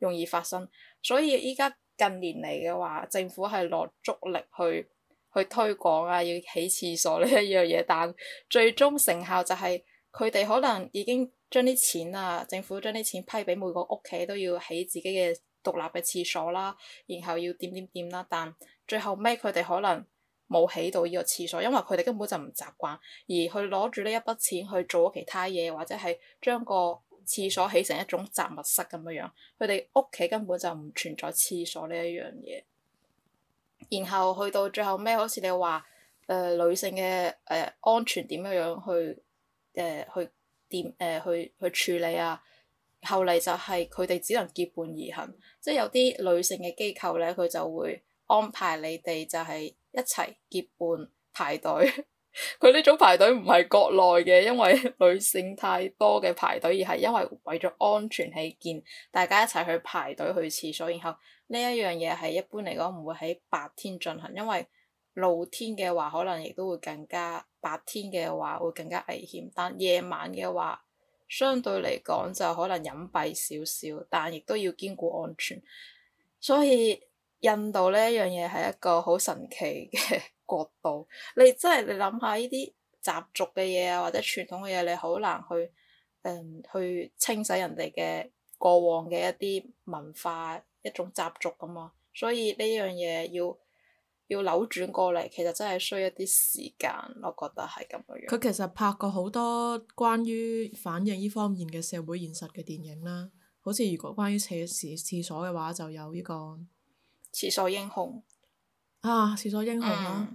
容易發生，所以依家近年嚟嘅話，政府係落足力去去推廣啊，要起廁所呢一樣嘢，但最終成效就係佢哋可能已經將啲錢啊，政府將啲錢批俾每個屋企都要起自己嘅獨立嘅廁所啦，然後要點點點啦，但最後尾，佢哋可能冇起到呢個廁所，因為佢哋根本就唔習慣，而去攞住呢一筆錢去做其他嘢，或者係將個廁所起成一種雜物室咁樣樣，佢哋屋企根本就唔存在廁所呢一樣嘢。然後去到最後咩好似你話，誒、呃、女性嘅誒、呃、安全點樣樣去誒、呃、去點誒、呃、去、呃、去、去處理啊？後嚟就係佢哋只能結伴而行，即係有啲女性嘅機構咧，佢就會安排你哋就係一齊結伴排隊。佢呢種排隊唔係國內嘅，因為女性太多嘅排隊而係因為為咗安全起見，大家一齊去排隊去廁所。然後呢一樣嘢係一般嚟講唔會喺白天進行，因為露天嘅話可能亦都會更加白天嘅話會更加危險，但夜晚嘅話相對嚟講就可能隱蔽少少，但亦都要兼顧安全。所以印度呢一樣嘢係一個好神奇嘅。角度，你真係你諗下呢啲習俗嘅嘢啊，或者傳統嘅嘢，你好難去、嗯，去清洗人哋嘅過往嘅一啲文化，一種習俗咁嘛。所以呢樣嘢要要扭轉過嚟，其實真係需要一啲時間，我覺得係咁樣。佢其實拍過好多關於反映呢方面嘅社會現實嘅電影啦，好似如果關於廁廁所嘅話，就有呢個廁所英雄。啊！廁所英雄啊。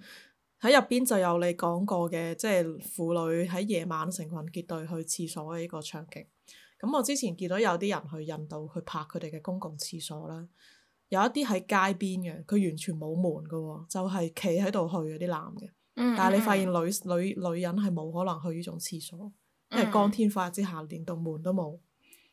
喺入邊就有你講過嘅，即係婦女喺夜晚成群結隊去廁所嘅呢個場景。咁我之前見到有啲人去印度去拍佢哋嘅公共廁所啦，有一啲喺街邊嘅，佢完全冇門㗎喎，就係企喺度去嗰啲男嘅。嗯嗯嗯，但係你發現女女女人係冇可能去呢種廁所，因為光天化日之下連道門都冇。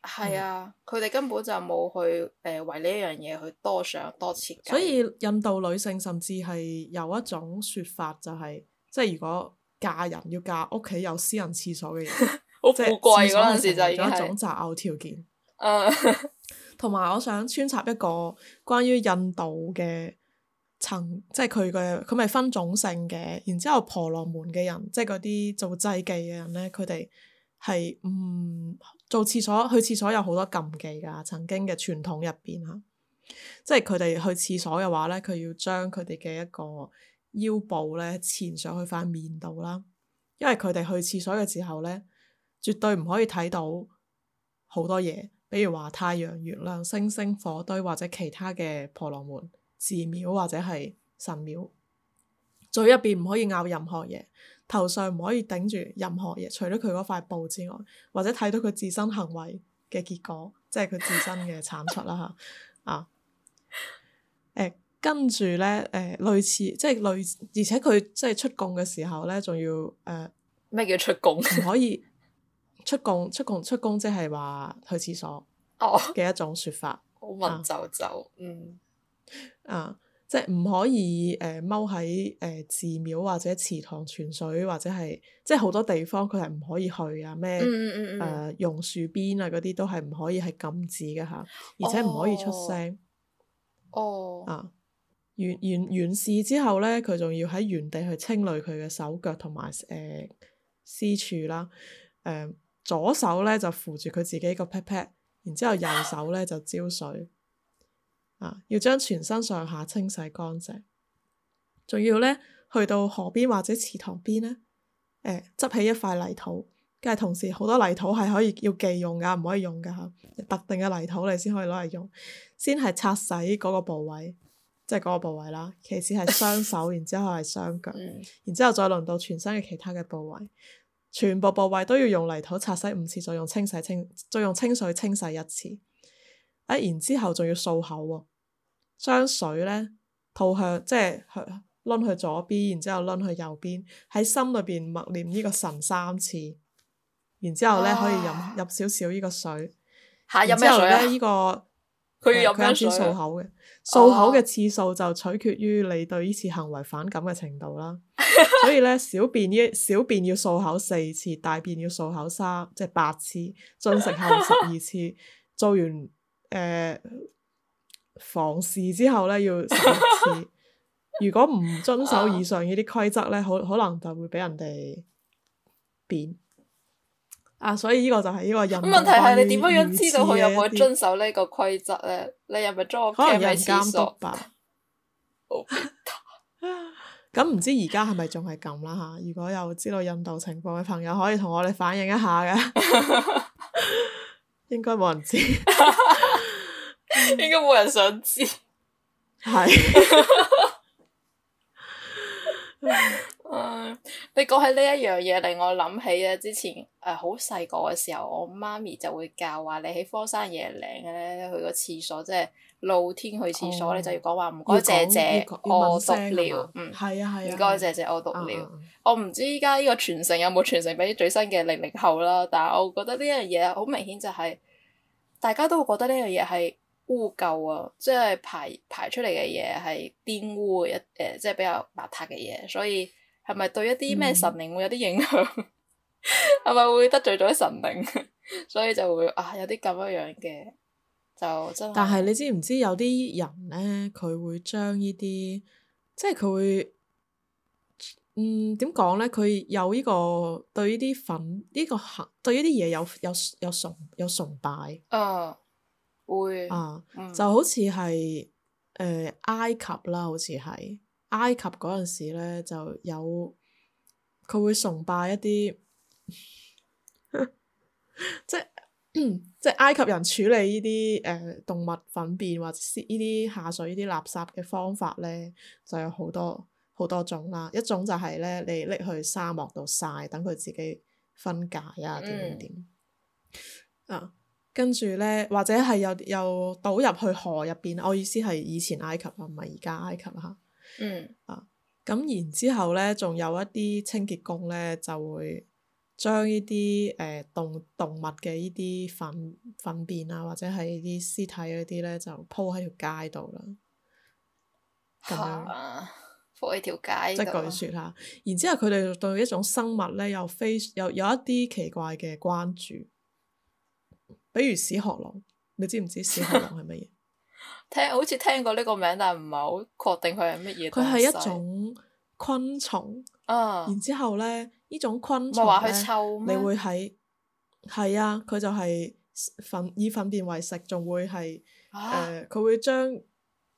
係啊，佢哋、嗯、根本就冇去誒、呃、為呢一樣嘢去多想多設計。所以印度女性甚至係有一種説法、就是，就係即係如果嫁人要嫁屋企有私人廁所嘅人， 好富不貴嗰陣時就已經係一種擇偶條件。同埋我想穿插一個關於印度嘅層， 即係佢嘅佢咪分種姓嘅，然之後婆羅門嘅人，即係嗰啲做祭祀嘅人咧，佢哋。係嗯，做廁所去廁所有好多禁忌㗎，曾經嘅傳統入邊嚇，即係佢哋去廁所嘅話咧，佢要將佢哋嘅一個腰部咧纏上去塊面度啦，因為佢哋去廁所嘅時候咧，絕對唔可以睇到好多嘢，比如話太陽、月亮、星星、火堆或者其他嘅婆羅門寺廟或者係神廟。嘴入邊唔可以咬任何嘢。頭上唔可以頂住任何嘢，除咗佢嗰塊布之外，或者睇到佢自身行為嘅結果，即係佢自身嘅產出啦嚇 啊！誒、呃、跟住咧誒，類似即係類，而且佢即係出恭嘅時候咧，仲要誒咩、呃、叫出恭？ 可以出恭出恭、出恭，即係話去廁所哦嘅一種説法。Oh, 啊、好運就走，走，嗯啊。嗯即係唔可以誒踎喺誒寺廟或者祠堂、泉水，或者係即係好多地方佢係唔可以去，啊咩誒榕樹邊啊，嗰啲都係唔可以，係禁止嘅嚇，而且唔可以出聲。哦。啊，完完完事之後咧，佢仲要喺原地去清理佢嘅手腳同埋誒私處啦。誒、呃呃、左手咧就扶住佢自己個 pat pat，然之後右手咧就澆水。啊、要將全身上下清洗乾淨，仲要咧去到河邊或者池塘邊咧，誒、欸、執起一塊泥土，跟住同時好多泥土係可以要忌用噶，唔可以用噶、啊、特定嘅泥土你先可以攞嚟用，先係擦洗嗰個部位，即係嗰個部位啦。其次係雙手， 然之後係雙腳，然之後再輪到全身嘅其他嘅部位，全部部位都要用泥土擦洗五次，再用清洗清，再用清水清洗一次。欸、啊，然之後仲要漱口喎。將水咧，吐向即係向攆去左邊，然之後攆去右邊，喺心裏邊默念呢個神三次，然之後咧可以飲入少少呢個水，嚇飲咩水啊？呢、這個佢佢啱先漱口嘅，漱口嘅次數就取決於你對呢次行為反感嘅程度啦。哦、所以咧，小便呢小便要漱口四次，大便要漱口三即係八次，進食後十二次，做完誒。呃房事之後咧要洗一次，如果唔遵守以上呢啲規則咧， 好可能就會俾人哋扁。啊，所以呢個就係呢個印度嘅隱私嘅。問題係你點樣知道佢有冇遵守呢個規則咧？些你係咪裝個監視器？可能人監督吧。咁唔 知而家係咪仲係咁啦嚇？如果有知道印度情況嘅朋友，可以同我哋反映一下嘅。 應該冇人知。 應該冇人想知，係。誒，你講起呢一樣嘢，令我諗起啊！之前誒，好細個嘅時候，我媽咪就會教話：你喺荒山野嶺嘅咧，去個廁所即係露天去廁所，Oh. 你就要講話唔該，謝謝我獨了，Oh. 嗯，係啊係啊，唔該，謝謝我獨了。Oh. 嗯，姐姐我唔、Oh. 知依家呢個傳承有冇傳承俾啲最新嘅零零後啦，但係我覺得呢樣嘢好明顯就係、係，大家都會覺得呢樣嘢係。污垢啊，即係排排出嚟嘅嘢係玷污一誒，即係比較邋遢嘅嘢，所以係咪對一啲咩神靈會有啲影響？係咪、嗯、 會得罪咗神靈？ 所以就會啊，有啲咁樣樣嘅，就真。但係你知唔知有啲人咧，佢會將呢啲，即係佢會，嗯，點講咧？佢有呢、這個對呢啲粉呢個行，對呢啲嘢有有有，有崇有崇拜。誒、嗯。啊，嗯、就好似係，誒、呃、埃及啦，好似係埃及嗰陣時咧，就有佢會崇拜一啲， 即 即埃及人處理呢啲誒動物糞便或者呢啲下水呢啲垃圾嘅方法咧，就有好多好多種啦。一種就係咧，你拎去沙漠度曬，等佢自己分解啊點點點啊。跟住咧，或者係又又倒入去河入邊。我、哦、意思係以前埃及，埃及、嗯、啊，唔係而家埃及嚇。嗯。啊，咁然之後咧，仲有一啲清潔工咧，就會將呢啲誒動動物嘅呢啲糞糞便啊，或者係啲屍體嗰啲咧，就鋪喺條街度啦。咁樣、啊！鋪喺條街。即係據說嚇。然之後佢哋對一種生物咧，又非又有，有一啲奇怪嘅關注。比如屎殼郎，你知唔知屎殼郎係乜嘢？ 聽好似聽過呢個名，但唔係好確定佢係乜嘢。佢係一種昆蟲。Uh, 然之後咧，呢種昆蟲咧，話佢臭你會喺係啊？佢就係糞以糞便為食，仲會係誒，佢、啊呃、會將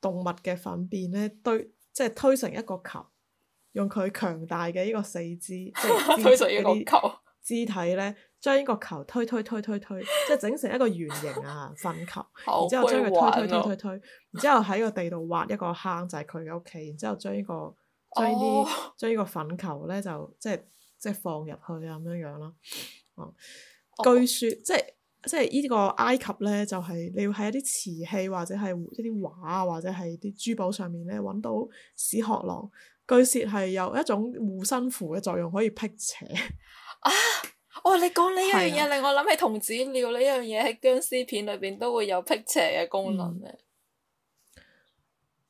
動物嘅糞便咧堆，即係、就是、推成一個球，用佢強大嘅呢個四肢，即係 推成一個球。肢體呢。將呢個球推推推推推，推，即係整成一個圓形啊糞球， 然之後將佢推推推推推， 然之後喺個地度挖一個坑就係佢嘅屋企，然之後將、這個哦、呢個將依啲將依個糞球咧就即係即係放入去咁樣樣咯。哦，據說、哦、即係即係依個埃及咧，就係、是、你要喺一啲瓷器或者係一啲畫啊，或者係啲珠寶上面咧揾到屎殼郎，據說係有一種護身符嘅作用，可以辟邪 哦，你講呢樣嘢，令我諗起童子尿，呢樣嘢喺僵屍片裏邊都會有辟邪嘅功能咧、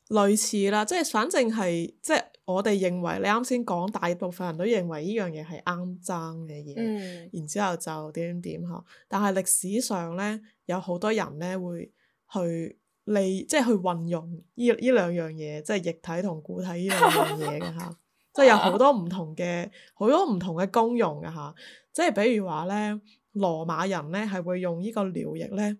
嗯。類似啦，即係反正係即係我哋認為，你啱先講，大部分人都認為呢樣嘢係啱爭嘅嘢。嗯、然之後就點點點嚇，但係歷史上咧，有好多人咧會去利即係去運用呢呢兩樣嘢，即係液體同固體呢兩樣嘢嘅嚇。 即係有好多唔同嘅好多唔同嘅功用嘅嚇。 即係比如話咧，羅馬人咧係會用個療呢個尿液咧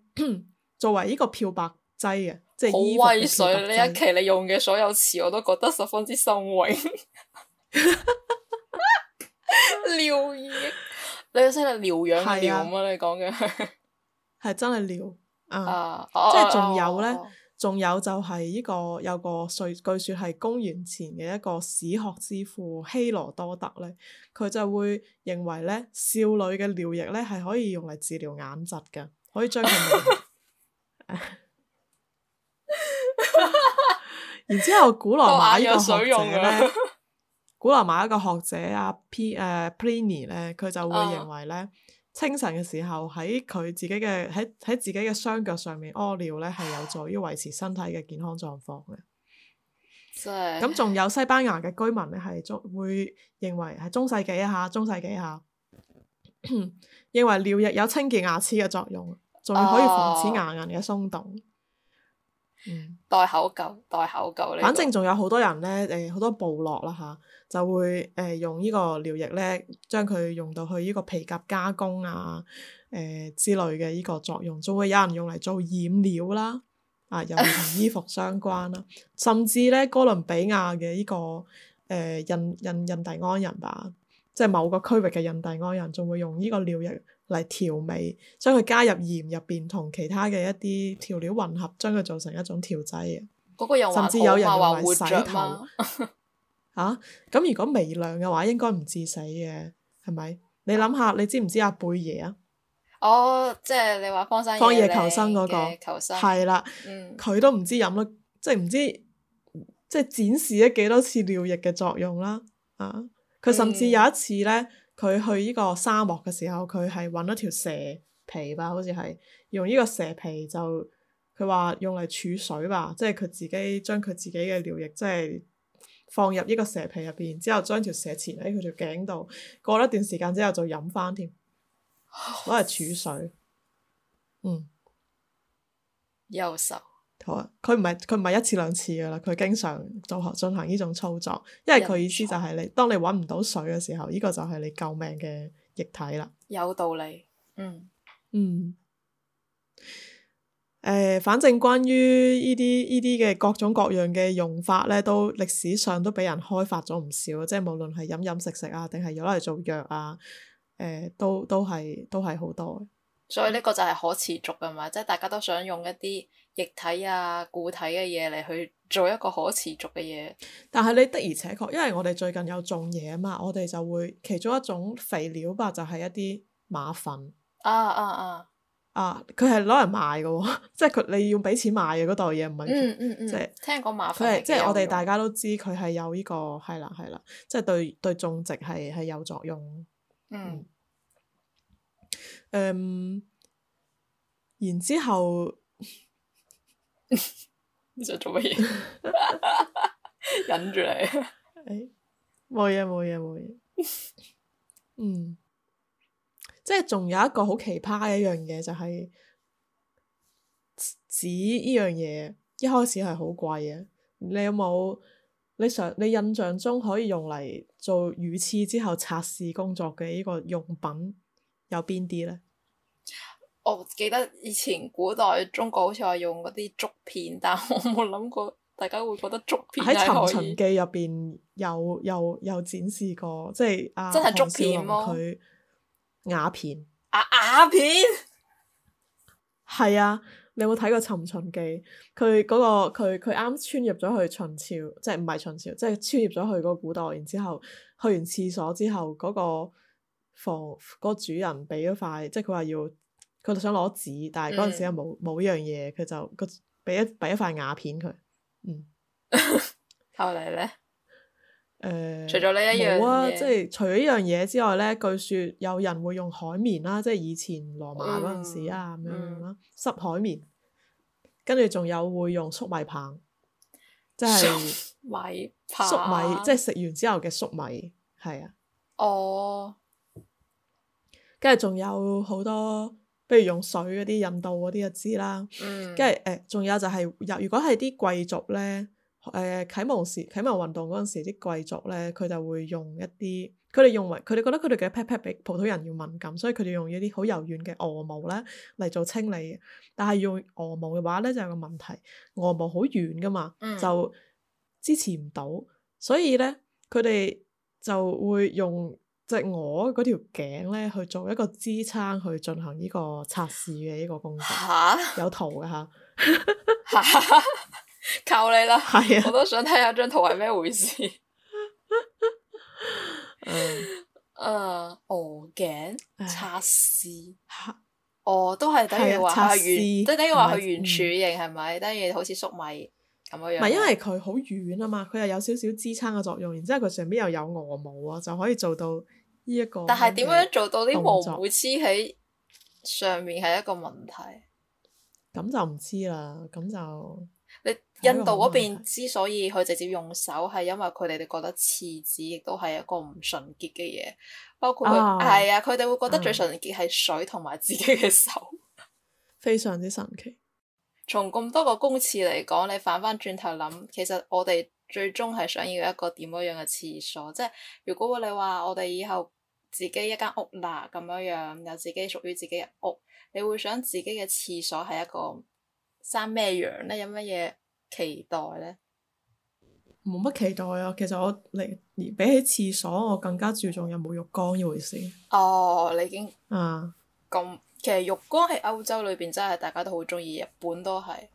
作為呢個漂白劑嘅，即係好威水。呢一期你用嘅所有詞，我都覺得十分之新穎。尿 液，你係真係尿啊，羊尿麼？ 你講嘅係真係尿，啊、uh，即係仲有咧。仲有就係呢、這個有個稅，據說係公元前嘅一個史學之父希羅多德咧，佢就會認為咧少女嘅尿液咧係可以用嚟治療眼疾嘅，可以將佢。然之後古羅馬依個學者咧，古羅馬一個學者啊 P 誒 Pliny 咧，佢就會認為咧。Oh. 清晨嘅時候喺佢自己嘅喺喺自己嘅雙腳上面屙尿咧，係有助於維持身體嘅健康狀況嘅。咁仲 So 有西班牙嘅居民咧，係中會認為係中世紀一下，中世紀一下， 認為尿液有清潔牙齒嘅作用，仲可以防止牙齦嘅鬆動。Oh. 戴、嗯、口罩，戴口罩呢？反正仲有好多人咧，誒，好多部落啦、啊、吓，就會誒、呃、用個呢個尿液咧，將佢用到去呢個皮革加工啊，誒、呃、之類嘅呢個作用，仲會有人用嚟做染料啦、啊，啊，又同衣服相關啦、啊， 甚至咧，哥倫比亞嘅呢個誒、呃、印印印，印第安人吧，即係某個區域嘅印第安人，仲會用呢個尿液。嚟調味，將佢加入鹽入邊，同其他嘅一啲調料混合，將佢做成一種調劑啊！嗰個又話，甚至有人話會洗頭 啊！咁如果微量嘅話，應該唔至死嘅，係咪？ 你諗下，你知唔知阿貝爺啊？哦，oh, 即係你話荒山野求生嗰、那個求生係啦，佢的、嗯、都唔知飲咯，即係唔知即係展示咗幾多次尿液嘅作用啦！啊，佢甚至有一次咧。嗯佢去呢個沙漠嘅時候，佢係搵咗條蛇皮吧，好似係用呢個蛇皮就佢話用嚟儲水吧，即係佢自己將佢自己嘅尿液即係放入呢個蛇皮入邊，之後將條蛇纏喺佢條頸度，過一段時間之後就飲翻添，攞嚟儲水，嗯，優秀。好啊！佢唔係佢唔係一次兩次噶啦，佢經常做學進行呢種操作，因為佢意思就係你當你搵唔到水嘅時候，呢、這個就係你救命嘅液體啦。有道理，嗯嗯，誒、呃，反正關於呢啲呢啲嘅各種各樣嘅用法咧，都歷史上都俾人開發咗唔少，即係無論係飲飲食食啊，定係攞嚟做藥啊，誒、呃，都都係都係好多。所以呢個就係可持續嘅嘛，即係大家都想用一啲。液體啊、固體嘅嘢嚟去做一個可持續嘅嘢，但係你的而且確，因為我哋最近有種嘢啊嘛，我哋就會其中一種肥料吧，就係、是、一啲馬糞。啊啊啊！啊，佢係攞嚟賣嘅喎，即係佢你要俾錢買嘅嗰袋嘢唔係。嗯嗯，即係聽講馬糞是。佢即係我哋大家都知佢係有呢、這個係啦係啦，即係對對種植係係有作用。嗯。誒、嗯，然之後。 你想做乜嘢？ 忍住你，誒，冇嘢冇嘢冇嘢。嗯，即係仲有一個好奇葩嘅一樣嘢，就係紙呢樣嘢，一開始係好貴嘅。你有冇？你想你印象中可以用嚟做如廁之後測試工作嘅呢個用品有邊啲呢？我、哦、記得以前古代中國好似係用嗰啲竹片，但我冇諗過大家會覺得竹片喺《尋秦記》入邊有有有展示過，即係啊，項少龍佢瓦片，瓦瓦片，係啊， 啊！你有冇睇過《尋秦記》嗰個？佢嗰個佢佢啱穿越咗去秦朝，即係唔係秦朝，即係穿越咗去嗰個古代，然之後去完廁所之後，嗰、嗰個房嗰、嗰個主人俾咗塊，即係佢話要。佢就想攞紙，但係嗰陣時又冇冇一樣嘢，佢、嗯、就個俾一俾一塊瓦片佢。嗯，後嚟咧，誒、呃，除咗呢一樣嘢，啊！即、就、係、是、除咗呢樣嘢之外咧，據説有人會用海綿啦、啊，即、就、係、是、以前羅馬嗰陣時啊咁、哦、樣啦、啊，嗯、濕海綿。跟住仲有會用粟米棒，即、就、係、是、粟米，粟米，粟米、啊、即係食完之後嘅粟米，係啊。哦。跟住仲有好多。比如用水嗰啲印度嗰啲就知啦。跟住誒，仲、呃、有就係、是，若如果係啲貴族咧，誒、呃、啟蒙時啟蒙運動嗰陣時啲貴族咧，佢就會用一啲佢哋用為佢哋覺得佢哋嘅 pat pat 比普通人要敏感，所以佢哋用一啲好柔軟嘅鵝毛咧嚟做清理。但係用鵝毛嘅話咧就有個問題，鵝毛好軟噶嘛，就支持唔到，嗯、所以咧佢哋就會用。即係我嗰條頸咧去做一個支撐去進行呢個測試嘅呢個工作，蛤有圖嘅吓， 靠你啦了，係啊，我都想睇下張圖係咩回事。 嗯，嗯、uh,，鵝頸測試，哦，都係等於話係圓，即等於話佢圓柱形係咪？等於、嗯、好似粟米咁樣。唔係，因為佢好軟啊嘛，佢又有少少支撐嘅作用，然之後佢上邊又有鵝毛啊，就可以做到。依一個，但係點樣做到啲毛毛黐喺上面係一個問題。咁就唔知啦，咁就印度嗰邊之所以佢直接用手，係因為佢哋哋覺得廁紙亦都係一個唔純潔嘅嘢，包括係啊，佢哋、啊、會覺得最純潔係水同埋自己嘅手，非常之神奇。從咁多個公廁嚟講，你反翻轉頭諗，其實我哋，最終係想要一個點樣樣嘅廁所？即係如果你話我哋以後自己一間屋啦，咁樣樣有自己屬於自己嘅屋，你會想自己嘅廁所係一個生咩樣呢？有乜嘢期待呢？冇乜期待啊！其實我嚟比起廁所，我更加注重有冇浴缸呢回事。哦，你已經啊咁，其實浴缸喺歐洲裏邊真係大家都好中意，日本都係。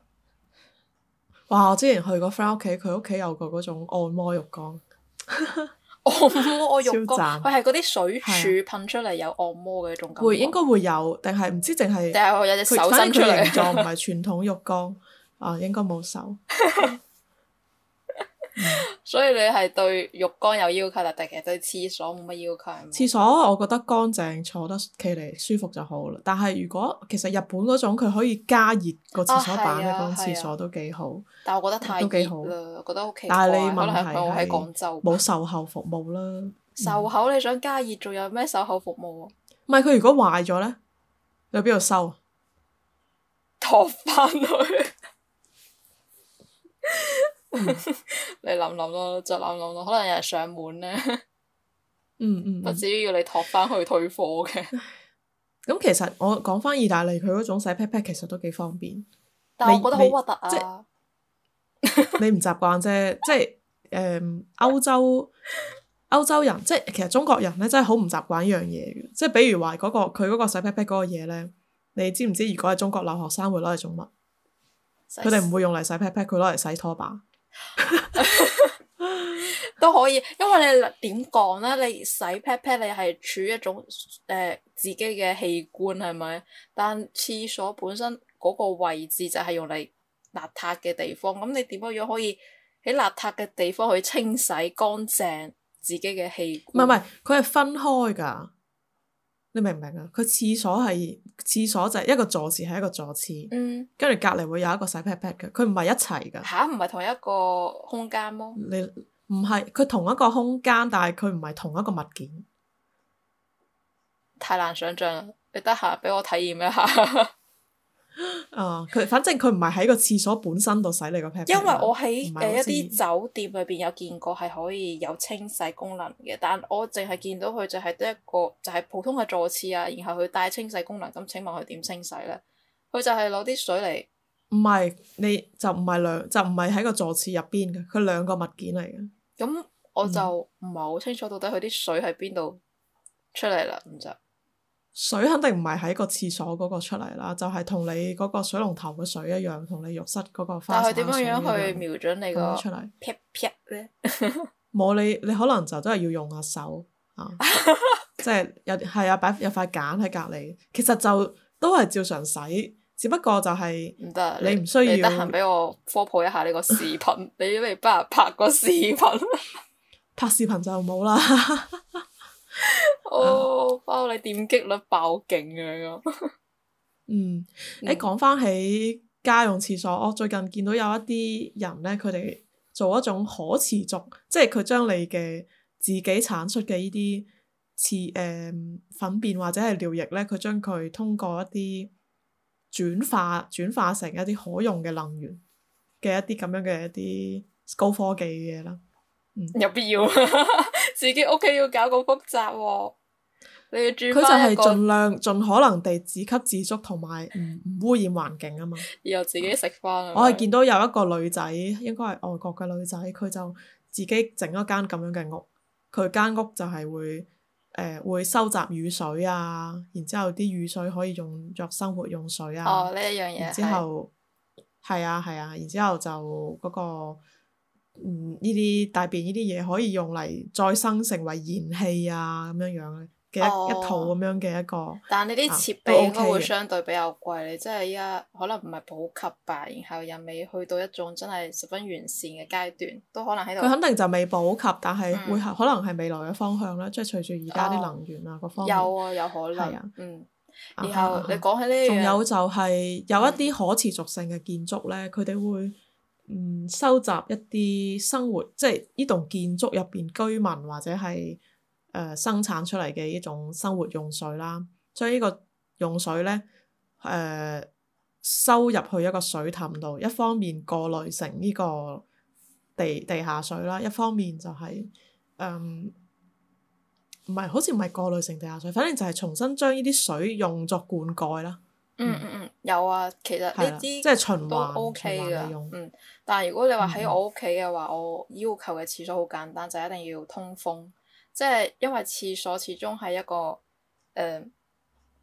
哇！我之前去個 friend 屋企，佢屋企有個嗰種按摩浴缸。按 摩讚、哦、浴缸，佢係嗰啲水柱噴出嚟有按摩嘅一的種感覺，會應該會有，定係唔知淨係手伸出嚟。反正佢形狀唔係傳統浴缸啊、 嗯，應該冇手。 嗯 所以你係對浴缸有要求，但係其實對廁所冇乜要求。廁所我覺得乾淨坐得企嚟舒服就好啦。但係如果其實日本嗰種佢可以加熱個廁所板嘅嗰種廁所都幾好。啊啊，但係我覺得太熱啦，都好覺得好奇怪。但係你問題係廣州冇售後服務啦。售後你想加熱，仲有咩售後服務啊？唔係佢如果壞咗咧，有邊度收？托拖翻去。 你諗諗咯，就諗諗咯，可能有人上門咧、 嗯。嗯嗯。不至於要你托翻去退貨嘅。咁其實我講翻意大利佢嗰種洗 pat pat 其實都幾方便。但係我覺得好核突啊。你唔習慣啫，即係誒歐洲歐 洲人，即係其實中國人咧真係好唔習慣一樣嘢嘅。即係比如話、嗰個佢嗰個洗 pat pat 嗰個嘢咧，你知唔知？如果係中國留學生會攞嚟做乜？佢哋唔會用嚟洗 pat pat，佢攞嚟洗拖把。 都可以，因為你點講呢？你洗 pat pat，你係處於一種誒、呃、自己嘅器官係咪？但廁所本身嗰個位置就係用嚟邋遢嘅地方，咁你點樣樣可以喺邋遢嘅地方去清洗乾淨自己嘅器官？唔係唔係，佢係分開噶。你明唔明啊？佢廁所係廁所就係一個坐廁，係一個坐廁。嗯。跟住隔離會有一個細 pet pet 嘅，佢唔係一齊㗎。吓！唔係同一個空間麼？你唔係佢同一個空間，但係佢唔係同一個物件。太難想像啦！你得閒俾我體驗一下。 啊！佢、uh, 反正佢唔係喺個廁所本身度洗你個 pat pat，因為我喺誒一啲酒店裏邊有見過係可以有清洗功能嘅，但我淨係見到佢就係得一個就係普通嘅座廁啊，然後佢帶清洗功能，咁請問佢點清洗咧？佢就係攞啲水嚟，唔係你就唔係兩就唔係喺個座廁入邊嘅，佢兩個物件嚟嘅。咁我就唔係好清楚到底佢啲水喺邊度出嚟啦，咁就。水肯定唔係喺個廁所嗰個出嚟啦，就係、是、同你嗰個水龍頭嘅水一樣，同你浴室嗰個花灑，但係點樣樣去瞄準你、嗰個？撇劈咧！冇你啪， 你可能就都係要用下手啊， 即係有係啊，擺有塊鹼喺隔籬。其實就都係照常洗，只不過就係唔得，行你唔需要。你得閒俾我科普一下呢個視頻， 你咪不如拍個視頻。 拍視頻就冇啦。 哦，啊、包你點擊率爆勁嘅咁。嗯，你講翻起家用廁所，嗯、我最近見到有一啲人咧，佢哋做一種可持續，即係佢將你嘅自己產出嘅呢啲廁誒糞便或者係尿液咧，佢將佢通過一啲轉化轉化成一啲可用嘅能源嘅一啲咁樣嘅一啲高科技嘅嘢啦。嗯，有必要。 自己屋企要搞咁複雜喎、哦，你要住翻一個。佢就係盡量盡可能地自給自足，同埋唔唔污染環境啊嘛。然後自己食飯。我係見到有一個女仔，應該係外國嘅女仔，佢就自己整一間咁樣嘅屋。佢間屋就係會誒、呃、會收集雨水啊，然之後啲雨水可以用作生活用水啊。哦，呢一樣嘢。之後係是啊係啊,啊，然之後就嗰、那個。嗯，呢啲大便呢啲嘢可以用嚟再生成為燃氣啊，咁樣樣嘅一,、哦、一套咁樣嘅一個。但係你啲設備應該會相對比較貴，啊、即係依家可能唔係普及吧，然後又未去到一種真係十分完善嘅階段，都可能喺度。佢肯定就未普及，但係會可能係未來嘅方向啦。嗯、即係隨住而家啲能源啊，嗰、哦、方面。有啊，有可能。啊、嗯，然後你講起呢，仲有就係有一啲可持續性嘅建築咧，佢哋會。嗯，收集一啲生活，即係呢棟建築入邊居民或者係誒、呃、生產出嚟嘅一種生活用水啦，將呢個用水咧誒、呃、收入去一個水凼度，一方面過濾成呢個地地下水啦，一方面就係誒唔係好似唔係過濾成地下水，反正就係重新將呢啲水用作灌溉啦。嗯嗯嗯，有啊，其實呢啲都 OK 嘅，嗯。但係如果你話喺我屋企嘅話，嗯、我要求嘅廁所好簡單，就是、一定要通風。即、就、係、是、因為廁所始終係一個誒、呃、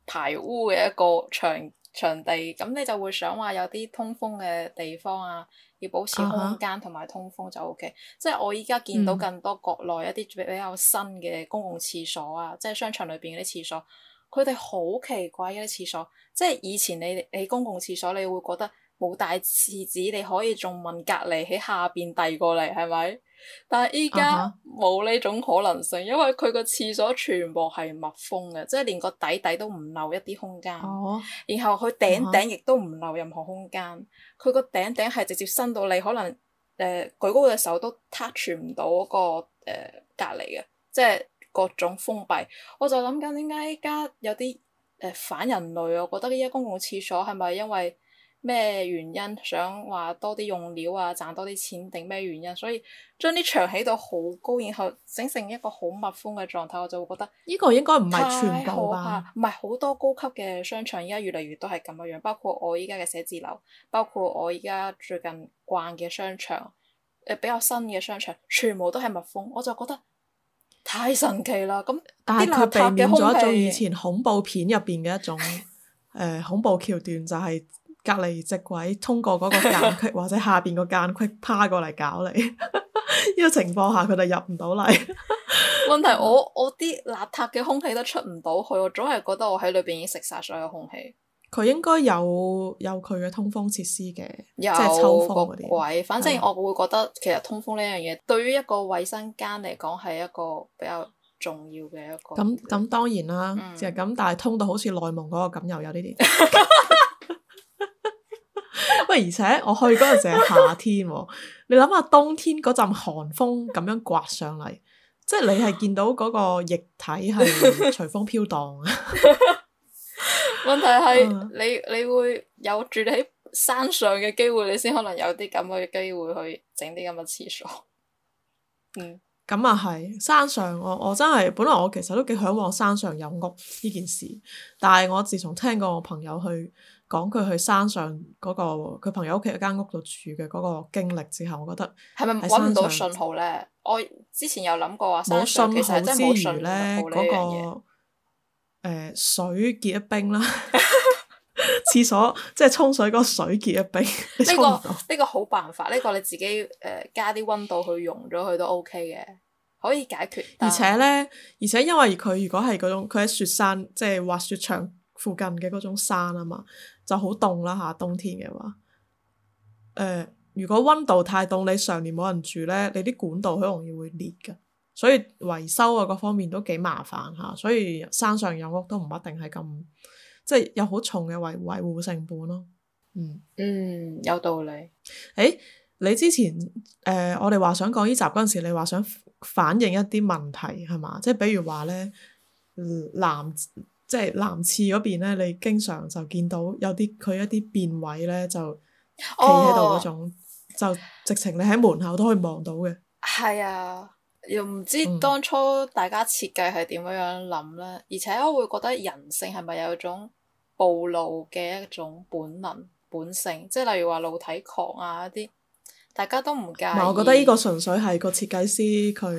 排污嘅一個場場地，咁你就會想話有啲通風嘅地方啊，要保持空間同埋通風就 OK。啊、哈即係我依家見到更多國內一啲比較新嘅公共廁所啊，嗯、即係商場裏邊嗰啲廁所。佢哋好奇怪嘅啲廁所，即係以前你你公共廁所，你會覺得冇帶廁紙，你可以仲問隔離喺下邊遞過嚟係咪？但係依家冇呢種可能性，因為佢個廁所全部係密封嘅，即係連個底底都唔留一啲空間，uh huh. 然後佢頂頂亦都唔留任何空間。佢個、uh huh. 頂頂係直接伸到你，可能誒、呃、舉高隻手都 touch 唔到嗰、那個隔離嘅，即係。各種封閉，我就諗緊點解依家有啲誒反人類。我覺得依家公共廁所係咪因為咩原因想話多啲用料啊，賺多啲錢定咩原因？所以將啲牆起到好高，然後整成一個好密封嘅狀態，我就會覺得呢個應該唔係全球啊，唔係好多高級嘅商場依家越嚟越多係咁嘅樣，包括我依家嘅寫字樓，包括我依家最近逛嘅商場，呃，比較新嘅商場，全部都係密封，我就覺得。太神奇啦！咁但係佢避免咗做以前恐怖片入邊嘅一種誒、 呃、恐怖橋段，就係，是，隔離隻鬼通過嗰個間隙， 或者下邊個間隙趴過嚟搞你。呢 個情況下，佢哋入唔到嚟。 問題我我啲邋遢嘅空氣都出唔到去，我總係覺得我喺裏邊已經食晒所有空氣。佢應該有有佢嘅通風設施嘅，有 即係抽風啲。反正我會覺得其實通風呢樣嘢對於一個衞生間嚟講係一個比較重要嘅一個。咁咁、嗯、當然啦，就咁，但係通到好似內蒙嗰個咁又有呢啲。喂， 而且我去嗰陣就係夏天喎，你諗下冬天嗰陣寒風咁樣刮上嚟，即係你係見到嗰個液體係隨風飄蕩。 問題係你你會有住喺山上嘅機會，你先可能有啲咁嘅機會去整啲咁嘅廁所。嗯，咁啊係山上我，我我真係本來我其實都幾嚮往山上有屋呢件事，但係我自從聽過我朋友去講佢去山上嗰、嗰個佢朋友屋企一間屋度住嘅嗰個經歷之後，我覺得係咪揾唔到信號咧？我之前有諗過話山上冇信其實真係冇信號。那個水結一冰啦， 廁所即係沖水嗰個水結一冰，呢、 這個呢、這個好辦法，呢、這個你自己誒、呃、加啲溫度去溶咗佢都 OK 嘅，可以解決。而且咧，而且因為佢如果係嗰種佢喺雪山即係滑雪場附近嘅嗰種山啊嘛，就好凍啦嚇，冬天嘅話，誒、呃、如果溫度太凍，你常年冇人住咧，你啲管道好容易會裂噶。所以維修啊各方面都幾麻煩嚇，所以山上有屋都唔一定係咁，即係有好重嘅維維護成本咯、啊。嗯嗯，有道理。誒、欸，你之前誒、呃、我哋話想講呢集嗰陣時，你話想反映一啲問題係嘛？即係比如話咧，男即係男廁嗰邊咧，你經常就見到有啲佢一啲變位咧，就企喺度嗰種，哦、就直情你喺門口都可以望到嘅。係啊。又唔知當初大家設計係點樣樣諗咧，而且我會覺得人性係咪有種暴露嘅一種本能本性，即係例如話露體狂啊一啲，大家都唔介意。我覺得呢個純粹係個設計師佢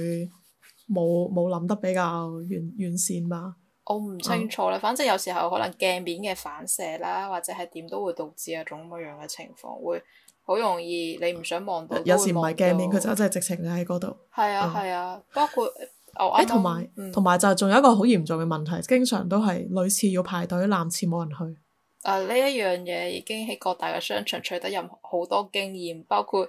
冇冇諗得比較完完善吧。我唔清楚啦，嗯、反正有時候可能鏡面嘅反射啦，或者係點都會導致一種咁樣嘅情況會。好容易你唔想望到，有時唔係鏡面，佢就真係直情係喺嗰度。係 啊係、嗯、啊，包括誒同埋同埋就仲有一個好嚴重嘅問題，經常都係女廁要排隊，男廁冇人去。誒呢、啊、一樣嘢已經喺各大嘅商場取得任好多經驗，包括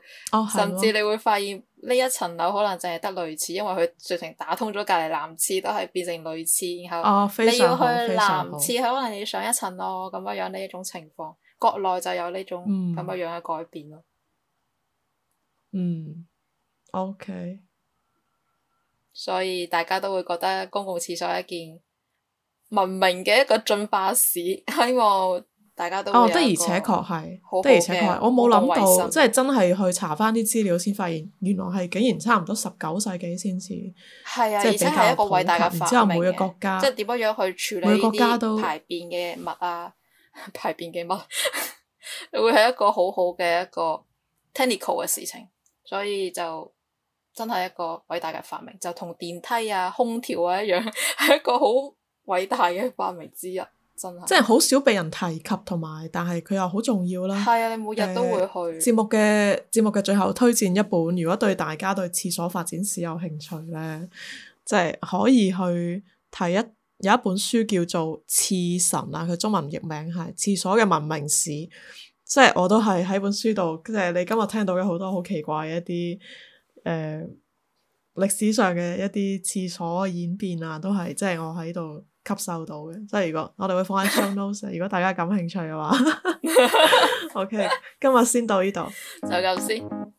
甚至你會發現呢一層樓可能淨係得女廁，因為佢直情打通咗隔籬男廁，都係變成女廁，然後你要去男廁，啊、可能你要上一層咯，咁嘅樣呢一種情況。國內就有呢種咁樣嘅改變咯。嗯、mm.，OK。所以大家都會覺得公共廁所係一件文明嘅一個進化史，希望大家都的哦的，而且確係的而且確係我冇諗到，即係真係去查翻啲資料先發現，原來係竟然差唔多十九世紀先至係啊，即係比較普及，然後之後每個國家即係點樣樣去處理呢啲排便嘅物啊。排便嘅物， 會係一個好好嘅一個 technical 嘅事情，所以就真係一個偉大嘅發明，就同電梯啊、空調啊一樣，係一個好偉大嘅發明之一，真係。即係好少被人提及，同埋，但係佢又好重要啦。係啊，你每日都會去。呃、節目嘅節目嘅最後推薦一本，如果對大家對廁所發展史有興趣咧，即、就、係、是、可以去睇一。有一本書叫做《廁神》啊，佢中文譯名係《廁所嘅文明史》，即係我都係喺本書度，即係你今日聽到嘅好多好奇怪嘅一啲誒、呃、歷史上嘅一啲廁所演變啊，都係即係我喺度吸收到嘅。即係如果我哋會放喺 show notes, 如果大家感興趣嘅話 ，OK，今日先到呢度，就咁先。